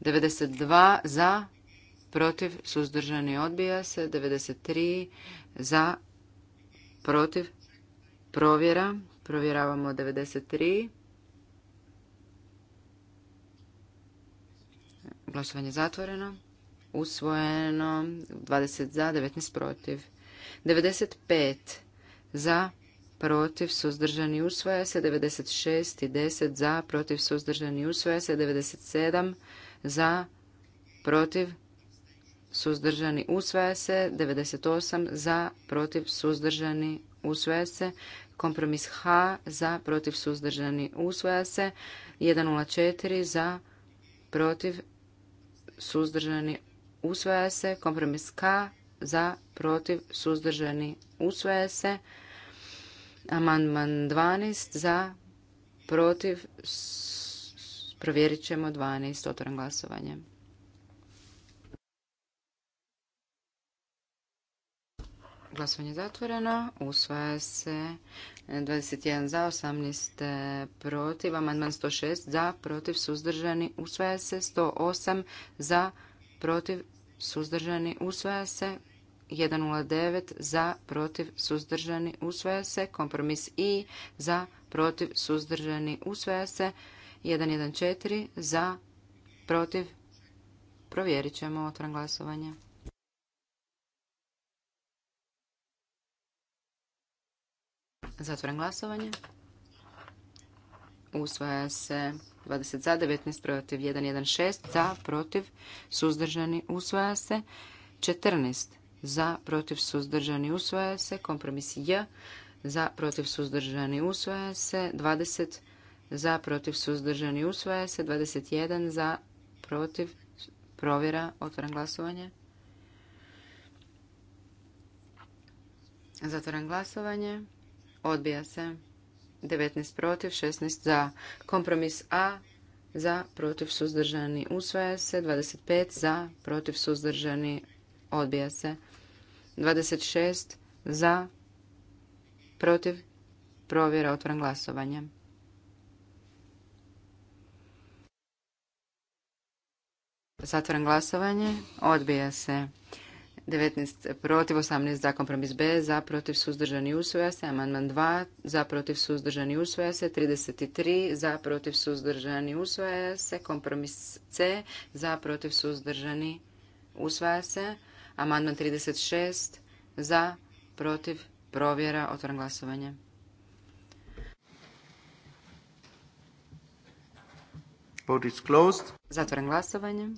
92 za. Protiv. Suzdržani odbija se. 93 za. Protiv. Provjera. Provjeravamo 93. Glasovanje zatvoreno usvojeno 20 za, 19 protiv. 95 za, protiv, suzdržani, usvaja se 96 i 10 za, protiv, suzdržani, usvaja se 97 za, protiv, suzdržani, usvaja se 98 za, protiv, suzdržani, usvaja se kompromis H za, protiv, suzdržani, usvaja se 104 za, protiv, suzdržani, usvaja se. Kompromis K za, protiv, suzdržani, usvaja se. Amandman 12 za, protiv, provjerit ćemo 12, otvoren glasovanje. Glasovanje zatvoreno. Usvaja se 21 za, 18 e, protiv. Amandman 106 za, protiv, suzdržani. Usvaja se 108 za, protiv protiv, suzdržani, usvaja se. 109 za, protiv, suzdržani, usvaja se. Kompromis I za, protiv, suzdržani, usvaja se. 114 za, protiv, provjerit ćemo, otvoren glasovanje. Zatvoren glasovanje usvaja se 20 za, 19 protiv, 6 za, protiv, suzdržani, usvaja se 14 za, protiv, suzdržani, usvaja se kompromis J, za, protiv, suzdržani, usvaja se 20 za, protiv, suzdržani, usvaja se 21 za, protiv, provjera, otvoren glasovanje. Zatvaram glasovanje. Odbija se. 19 protiv, 16 za. Kompromis A za, protiv, suzdržani, usvaja se. 25 za, protiv, suzdržani, odbija se. 26 za, protiv, provjera, otvoren glasovanje. Zatvoren glasovanje, odbija se. 19 protiv, 18 za kompromis B, za protiv suzdržani usvoja se, amandman 2 za protiv suzdržani usvaja se, 33 za protiv suzdržani usvaja se, kompromis C za protiv suzdržani usvaja se, amandman 36 za protiv provjera, otvoren glasovanje. Vote glasovanje.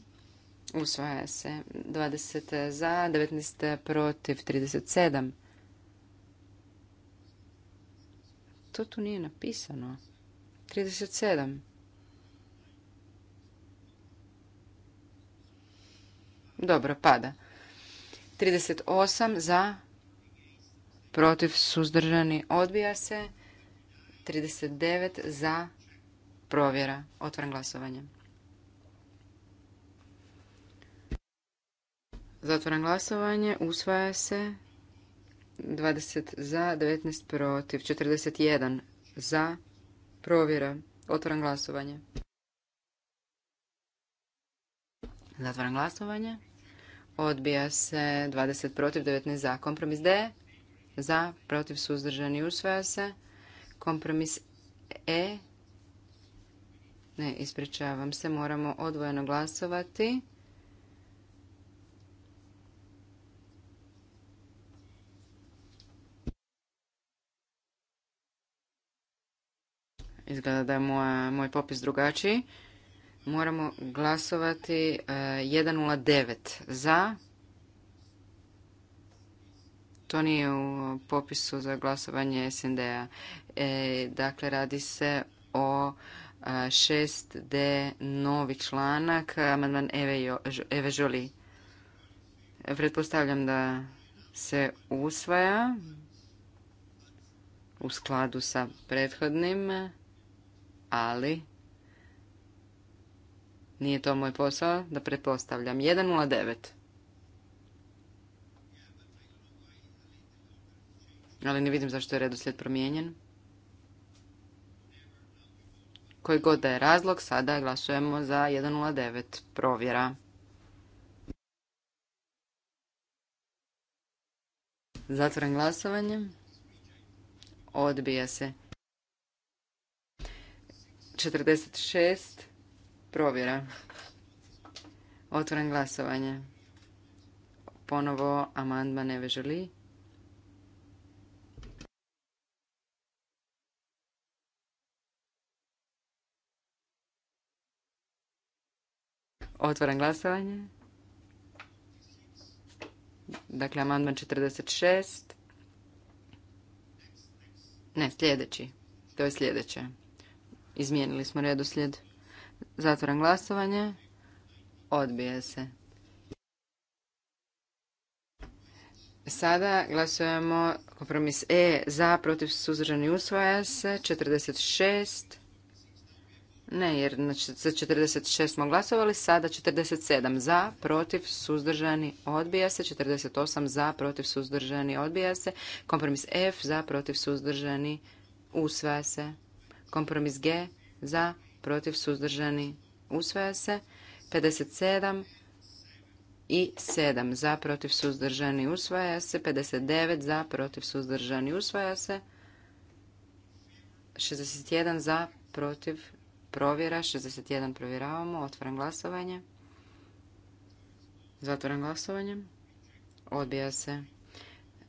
Usvaja se 20 za, 19 protiv, 37. To tu nije napisano. 37. Dobro, pada. 38 za, protiv, suzdržani, odbija se. 39 za, provjera. otvoren glasovanje. Zatvoram glasovanje. Usvaja se. 20 za, 19 protiv, 41 za. Provjera. Otvoram glasovanje. Zatvoram glasovanje. Odbija se 20 protiv, 19 za. Kompromis D. Za, protiv, suzdržani. Usvaja se. Kompromis E. Ne, ispričavam se. Moramo odvojeno glasovati. Izgleda da je moj popis drugačiji. Moramo glasovati 109 e, za. To nije u popisu za glasovanje SND-a. E, dakle, radi se o 6D e, novi članak, amandman Eve, Eve Žoli. Pretpostavljam da se usvaja u skladu sa prethodnim ali nije to moj posao da pretpostavljam. 1.09. Ali ne vidim zašto je redoslijed promijenjen. Koji god da je razlog, sada glasujemo za 1.09. Provjera. Zatvoren glasovanje. Odbija se. 46. Provjera. Otvoren glasovanje. Ponovo amandman ne želi. Otvoren glasovanje. Dakle, amandman 46. Ne, sljedeći. To je sljedeće. Izmijenili smo redoslijed. Zatvoram glasovanje. Odbija se. Sada glasujemo kompromis E za, protiv suzdržani usvaja se, 46. Ne, jer za 46 smo glasovali, sada 47 za, protiv, suzdržani, odbija se, 48 za, protiv, suzdržani, odbija se, kompromis F za, protiv, suzdržani, usvaja se. Kompromis G za, protiv, suzdržani, usvaja se. 57 i 7 za, protiv, suzdržani, usvaja se. 59 za, protiv, suzdržani, usvaja se. 61 za, protiv, provjera. 61 provjeravamo. Otvaram glasovanje. Zatvaram glasovanje. Odbija se.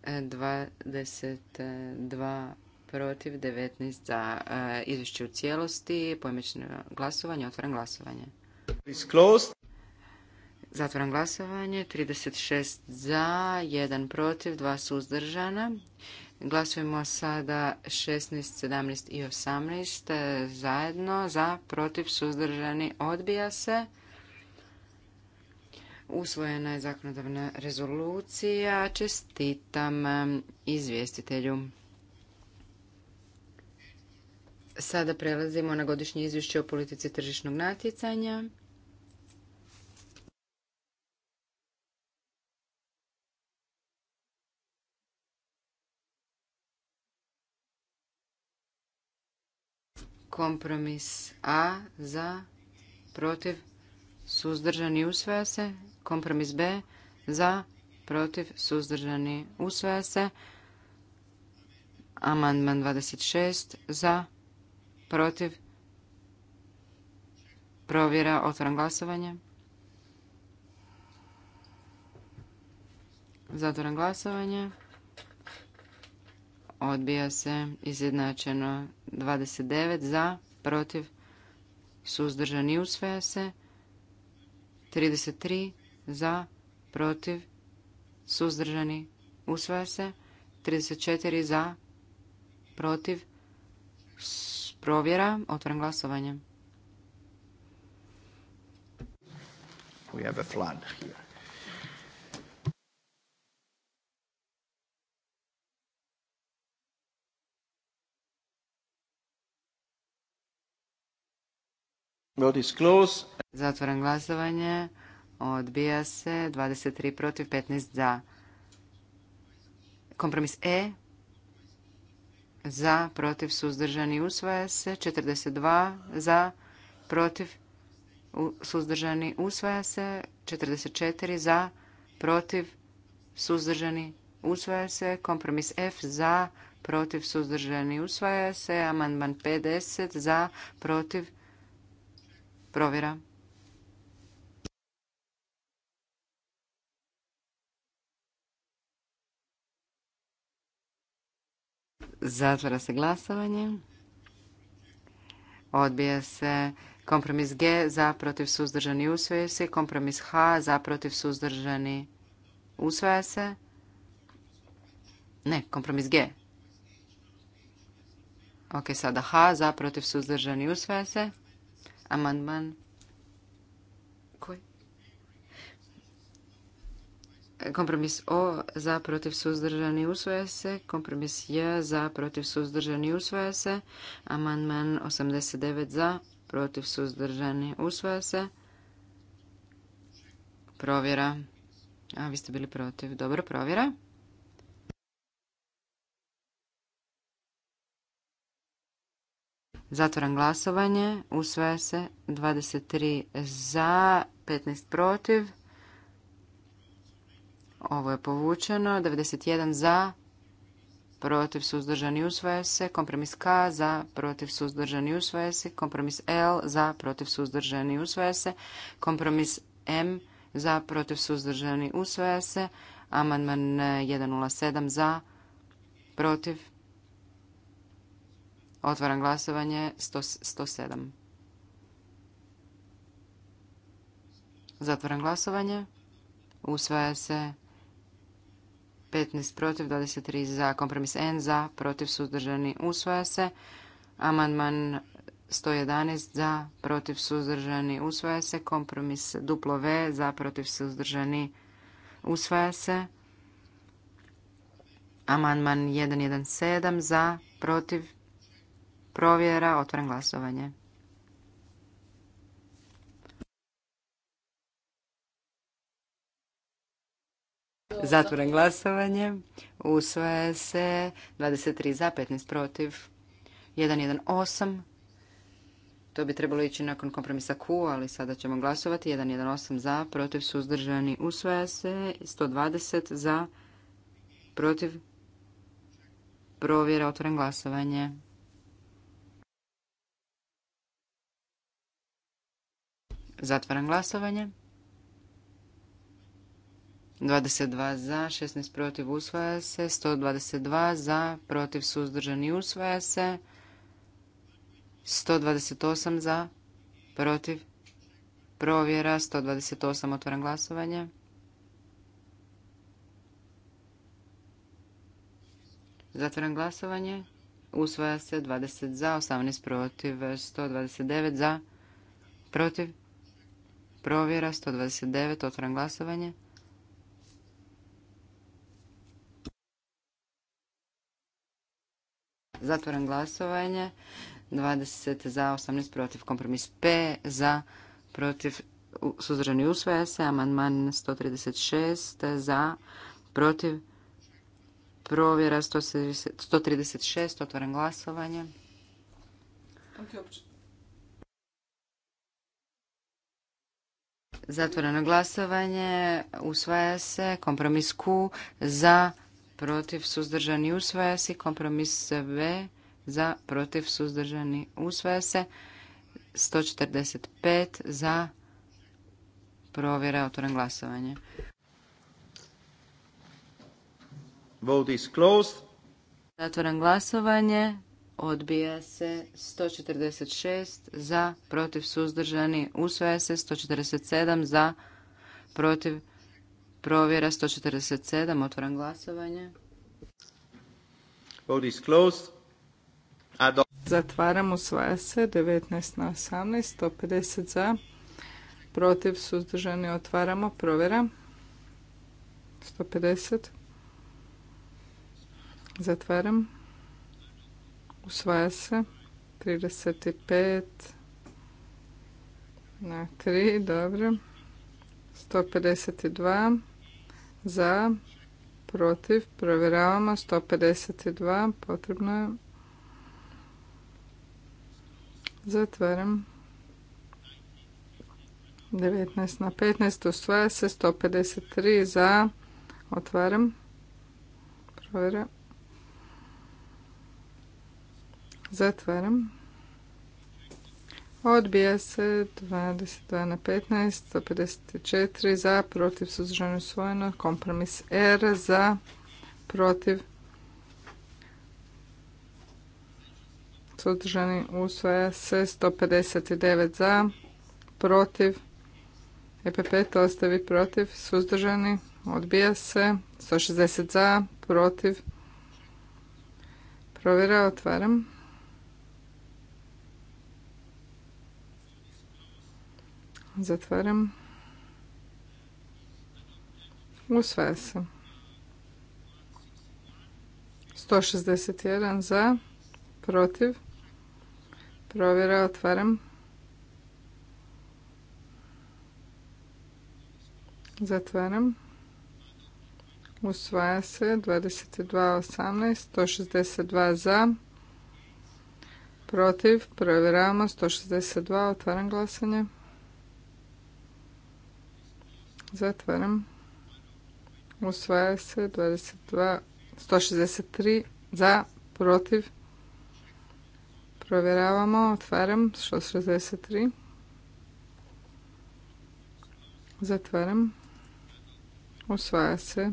22 protiv, 19 za e, izvješće u cijelosti, pojmećno glasovanje, Otvoren glasovanje. Zatvoram glasovanje, 36 za, 1 protiv, 2 suzdržana. Glasujemo sada 16, 17 i 18 e, zajedno, za, protiv, suzdržani, odbija se. Usvojena je zakonodavna rezolucija. Čestitam e, izvjestitelju. Sada prelazimo na godišnje izvješće o politici tržišnog natjecanja. Kompromis A za, protiv, suzdržani, usvaja se. Kompromis B za, protiv, suzdržani, usvaja se. Amandman 26 za, protiv, provjera, otvoram glasovanje, zatvoram glasovanje, odbija se izjednačeno 29 za, protiv, suzdržani i usvaja se, 33 za, protiv, suzdržani, usvaja se, 34 za, protiv, Provjera. otvorim glasovanje. We have a flood here. Zatvoren glasovanje. Odbija se. 23 protiv, 15 za. Kompromis E za, protiv, suzdržani, usvaja se. 42 za, protiv, suzdržani, usvaja se. 44 za, protiv, suzdržani, usvaja se. Kompromis F za, protiv, suzdržani, usvaja se. Amandman 50 za, protiv, provjera. Zatvara se glasovanje. Odbija se kompromis G za protiv suzdržani usvaja se. Kompromis H za protiv suzdržani usvaja se. Ne, kompromis G. Ok, sada H za protiv suzdržani usvaja se. Amandman koji? Kompromis O za protiv suzdržani usvaja se. Kompromis J za protiv suzdržani usvaja se. Amandman 89 za protiv suzdržani usvaja se. Provjera. A vi ste bili protiv. Dobro, provjera. Zatvoram glasovanje. Usvaja se 23 za, 15 protiv. Ovo je povučeno. 91 za, protiv suzdržani usvaja se. Kompromis K za, protiv suzdržani usvaja se. Kompromis L za, protiv suzdržani usvaja se. Kompromis M za, protiv suzdržani usvaja se. Amandman 107 za, protiv. Otvaram glasovanje 107. Zatvaram glasovanje. Usvaja se 15 protiv, 23 za. Kompromis N za, protiv, suzdržani, usvaja se. Amandman 111 za, protiv, suzdržani, usvaja se. Kompromis duplo V za, protiv, suzdržani, usvaja se. Amandman 117 za, protiv, provjera, otvoren glasovanje. Zatvoren glasovanje. Usvaja se 23 za, 15 protiv, 118. To bi trebalo ići nakon kompromisa Q, ali sada ćemo glasovati. 118 za, protiv suzdržani. Usvaja se 120 za, protiv provjera. Otvoren glasovanje. Zatvaram glasovanje. 22 za, 16 protiv usvaja se, 122 za, protiv suzdržani usvaja se, 128 za, protiv, provjera, 128 otvoran glasovanje. Zatvoran glasovanje, usvaja se 20 za, 18 protiv, 129 za, protiv, provjera, 129 otvoran glasovanje. Zatvoram glasovanje. 20 za, 18 protiv. Kompromis P za, protiv. Suzdržani usvaja se. Amandman 136 za, protiv. Provjera 136. Otvoram glasovanje. Zatvoreno glasovanje. Usvaja se kompromis Q za protiv suzdržani usvaja se. Kompromis B za protiv suzdržani usvaja se. 145 za provjera otvoren glasovanje. Vote is closed. glasovanje. Odbija se 146 za, protiv suzdržani. Usvaja se 147 za, protiv Provjera 147, otvoram glasovanje. Vote is closed. Zatvaram, usvaja se, 19 na 18, 150 za, protiv, suzdržani, otvaramo, provjera, 150, zatvaram, usvaja se, 35 na 3, dobro, 152, za, protiv, provjeravamo 152, potrebno je. Zatvaram. 19 na 15, ustvaja se 153 za, otvaram, provjeram. Zatvaram. Odbija se 22 na 15, 154 za, protiv suzdržano usvojeno, kompromis R za, protiv suzdržani usvoja se 159 za, protiv EPP to ostavi protiv, suzdržani, odbija se, 160 za, protiv, provjera, otvaram. Zatvaram. Usvaja se. 161 za, protiv. Provjera, otvaram. Zatvaram. Usvaja se 22.18, 162 za, protiv, provjeravamo, 162, otvaram glasanje. Zatvaram. Usvaja se 22, 163 za, protiv. Provjeravamo, otvaram 163. Zatvaram. Usvaja se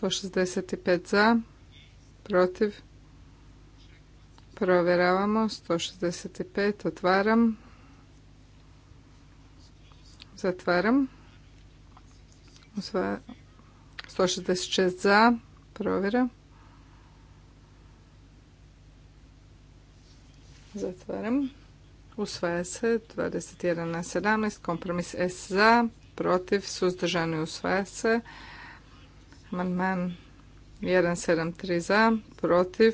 165 za, protiv. Provjeravamo 165, otvaram. Zatvaram. 166 za. Provjera. Zatvaram. Usvaja se 21 na 17. Kompromis S za. Protiv. Suzdržani usvaja se. Amandman 173 za. Protiv.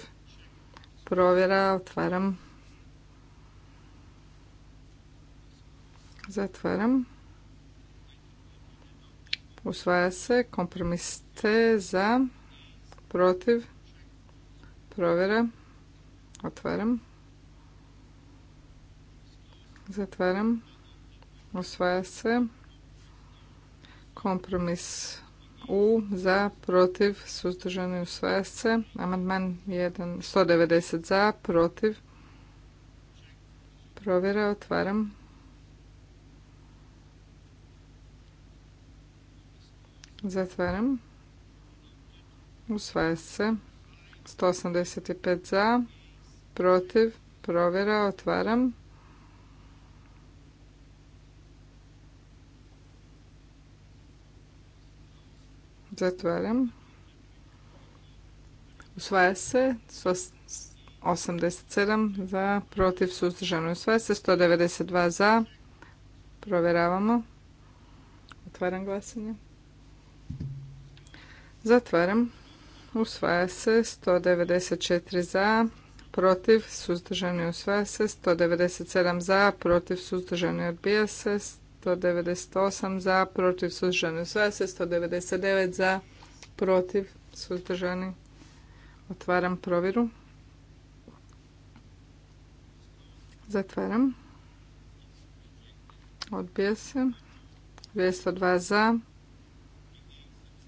Provjera. Otvaram. Zatvaram. Usvaja se kompromis T za, protiv, provjera, otvaram, zatvaram, usvaja se kompromis U za, protiv, suzdržani usvaja se, amandman 190 za, protiv, provjera, otvaram, Zatvaram. Usvaja se. 185 za. Protiv. Provjera. Otvaram. Zatvaram. Usvaja se. 87 za. Protiv. Suzdržano. Usvaja se. 192 za. Provjeravamo. Otvaram glasanje. Zatvaram. Usvaja se 194 za, protiv, suzdržani usvaja se 197 za, protiv, suzdržani odbija se 198 za, protiv, suzdržani usvaja se 199 za, protiv, suzdržani. Otvaram provjeru. Zatvaram. Odbija se. 202 za,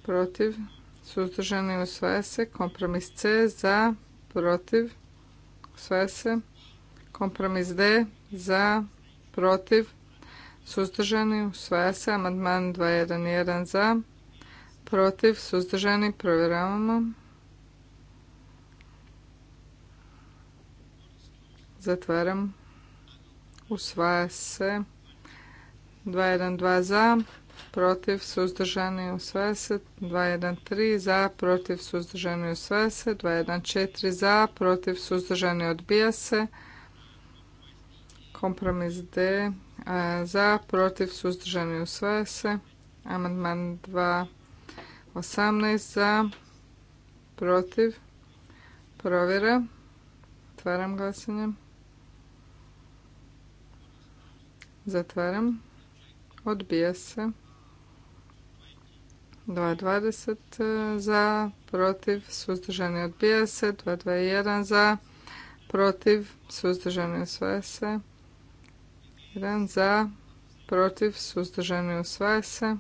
protiv, suzdržani usvaja se. Kompromis C za, protiv, usvaja se. Kompromis D za, protiv, suzdržani usvaja se. Amandman 211 za, protiv, suzdržani provjeravamo. Zatvaram. Usvaja se. 212 za, protiv, suzdržani, usvaja se, 3. za, protiv, suzdržani, usvaja se, 4. za, protiv, suzdržani, odbija se, kompromis D, za, protiv, suzdržani, usvaja se, amandman 18. za, protiv, provjera, otvaram glasanje, zatvaram, odbija se. 2.20 e, za, protiv, suzdržani odbija se, 2.21 za, protiv, suzdržani usvaja se, 1 za, protiv, suzdržani usvaja se,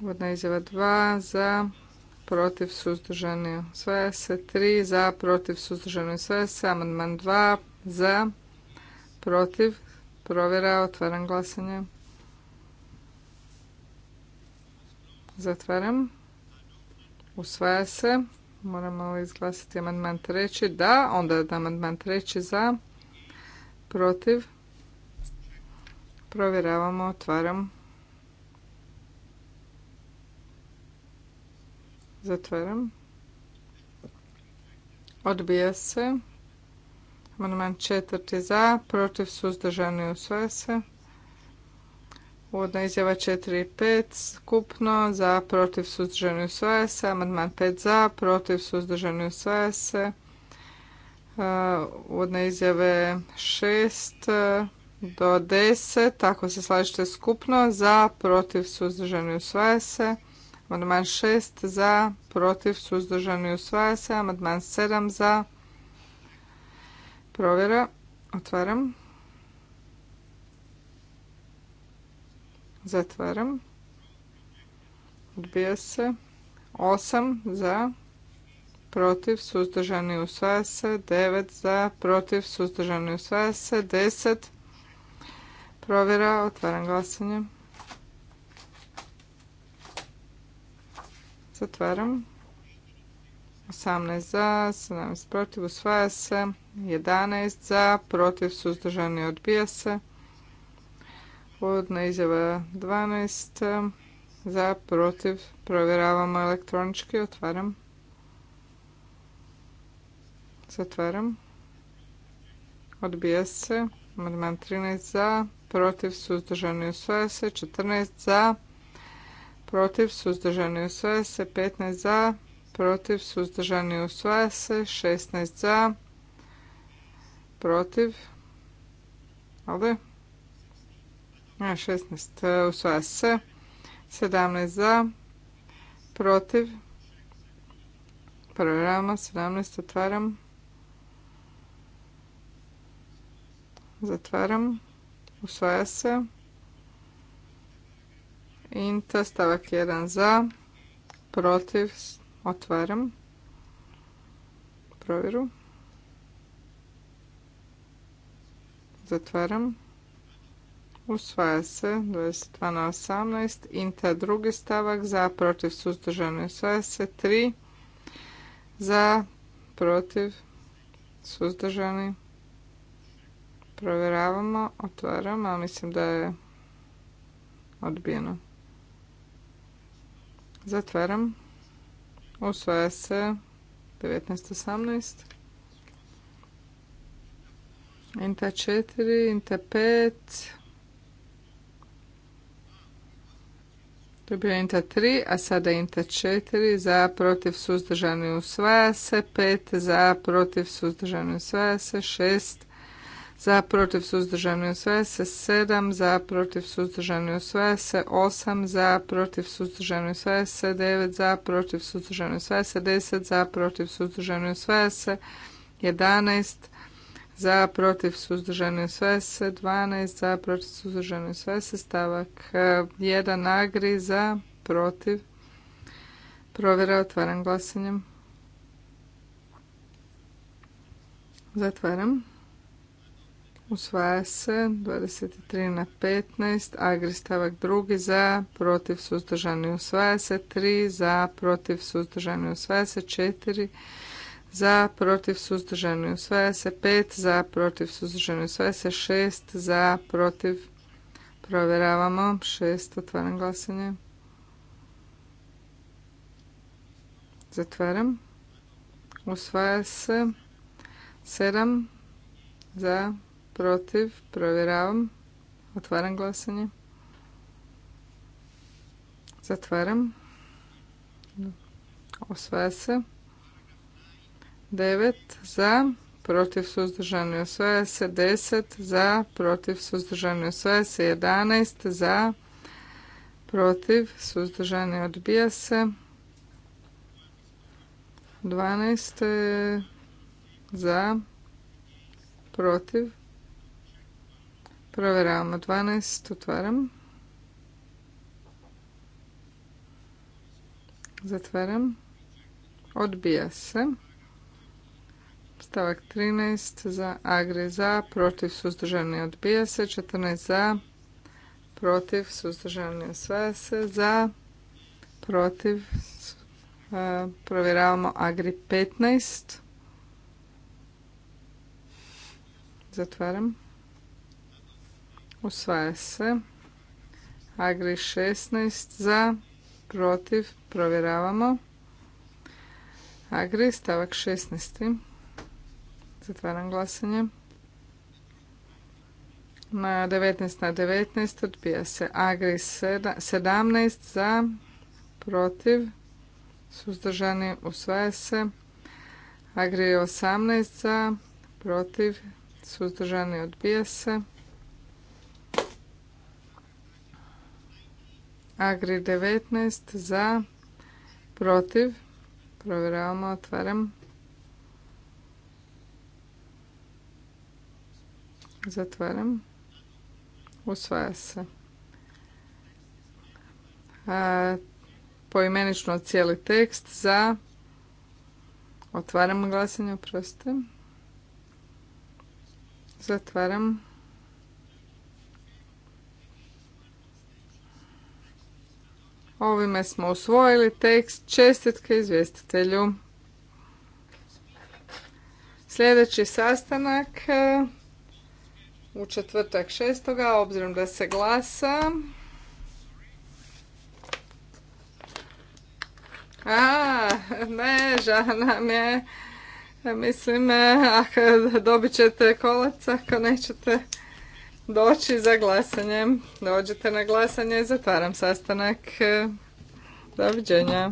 uvodna izjava 2 za, protiv, suzdržani usvaja se, 3 za, protiv, suzdržani usvaja se, amandman 2 za, protiv, provjera, otvaram glasanje. Zatvaram. Usvaja se. Moramo li izglasati amandman treći? Da. Onda je amandman treći za. Protiv. Provjeravamo. Otvaram. Zatvaram. Odbija se. Amandman četvrti za. Protiv suzdržani usvaja se. Uvodna izjava 4 i 5 skupno, za, protiv, suzdržanju usvaja se. Amandman 5 za, protiv, suzdržani usvaja se. E, uvodne izjave 6 e, do 10, tako se slažete skupno, za, protiv, suzdržani usvaja se. Amandman 6 za, protiv, suzdržani usvaja se. Amandman 7 za, provjera, otvaram. Zatvaram. Odbija se. 8 za, protiv, suzdržani usvaja se. 9 za, protiv, suzdržani usvaja se. 10. Provjera. Otvaram glasanje. Zatvaram. 18 za, 17 protiv, usvaja se. 11 za, protiv, suzdržani odbija se. Uvodna izjava 12. Za, protiv, provjeravamo elektronički, otvaram. Zatvaram. Odbija se. Amandman 13 za, protiv, suzdržani sve se. 14 za, protiv, suzdržani sve se. 15 za, protiv, suzdržani sve se. 16 za, protiv, ali 16 e, usvaja se. 17 za. Protiv. rama, 17 otvaram. Zatvaram. Usvaja se. Inta stavak 1 za. Protiv. Otvaram. Provjeru. Zatvaram. Usvaja se 22 na 18. Inta drugi stavak za protiv suzdržani. Usvaja se 3 za protiv suzdržani. Provjeravamo, otvaramo, mislim da je odbijeno. Zatvaram. Usvaja se 19.18. Inta 4, Inta 5, To je bio INTA 3, a sada INTA 4 za protiv suzdržani usvaja se, 5 za protiv suzdržani usvaja se, 6 za protiv suzdržani usvaja se, 7 za protiv suzdržani usvaja se, 8 za protiv suzdržani usvaja se, 9 za protiv suzdržani usvaja se, 10 za protiv suzdržani usvaja se, 11 za protiv suzdržani sve se, 12 za protiv suzdržani sve se, stavak 1 e, agri za protiv. Provjera otvaram glasanjem. Zatvaram. Usvaja se 23 na 15, agri stavak 2 za, protiv suzdržani usvaja se 3, za, protiv suzdržani usvaja se 4, za, protiv, suzdržani, usvaja se 5, za, protiv, suzdržani, usvaja se 6, za, protiv, provjeravamo, 6, otvaram glasanje. Zatvaram. Usvaja se 7, za, protiv, provjeravam, otvaram glasanje. Zatvaram. Osvaja se. 9 za, protiv suzdržani osvaja se 10 za, protiv suzdržani osvaja se 11 za, protiv suzdržani odbija se 12 za, protiv. Provjeravamo 12, otvaram. Zatvaram. Odbija se. Stavak 13 za agri za, protiv suzdržani odbija se, 14 za, protiv suzdržani osvaja se, za, protiv, e, provjeravamo agri 15. Zatvaram. Usvaja se. Agri 16 za, protiv, provjeravamo. Agri stavak 16. Zatvaram glasanje. Na 19 na 19 odbija se Agri 17 za, protiv, suzdržani usvaja se. Agri 18 za, protiv, suzdržani odbija se. Agri 19 za, protiv, provjeravamo, otvaram. Zatvaram. Usvaja se. poimenično cijeli tekst za... Otvaram glasanje, oprostite. Zatvaram. Ovime smo usvojili tekst. Čestitke izvjestitelju. Sljedeći sastanak u četvrtak šestoga, obzirom da se glasa. A, ne, žana nam je, mislim, ako ah, dobit ćete kolac, ako nećete doći za glasanje, dođete na glasanje i zatvaram sastanak. Doviđenja.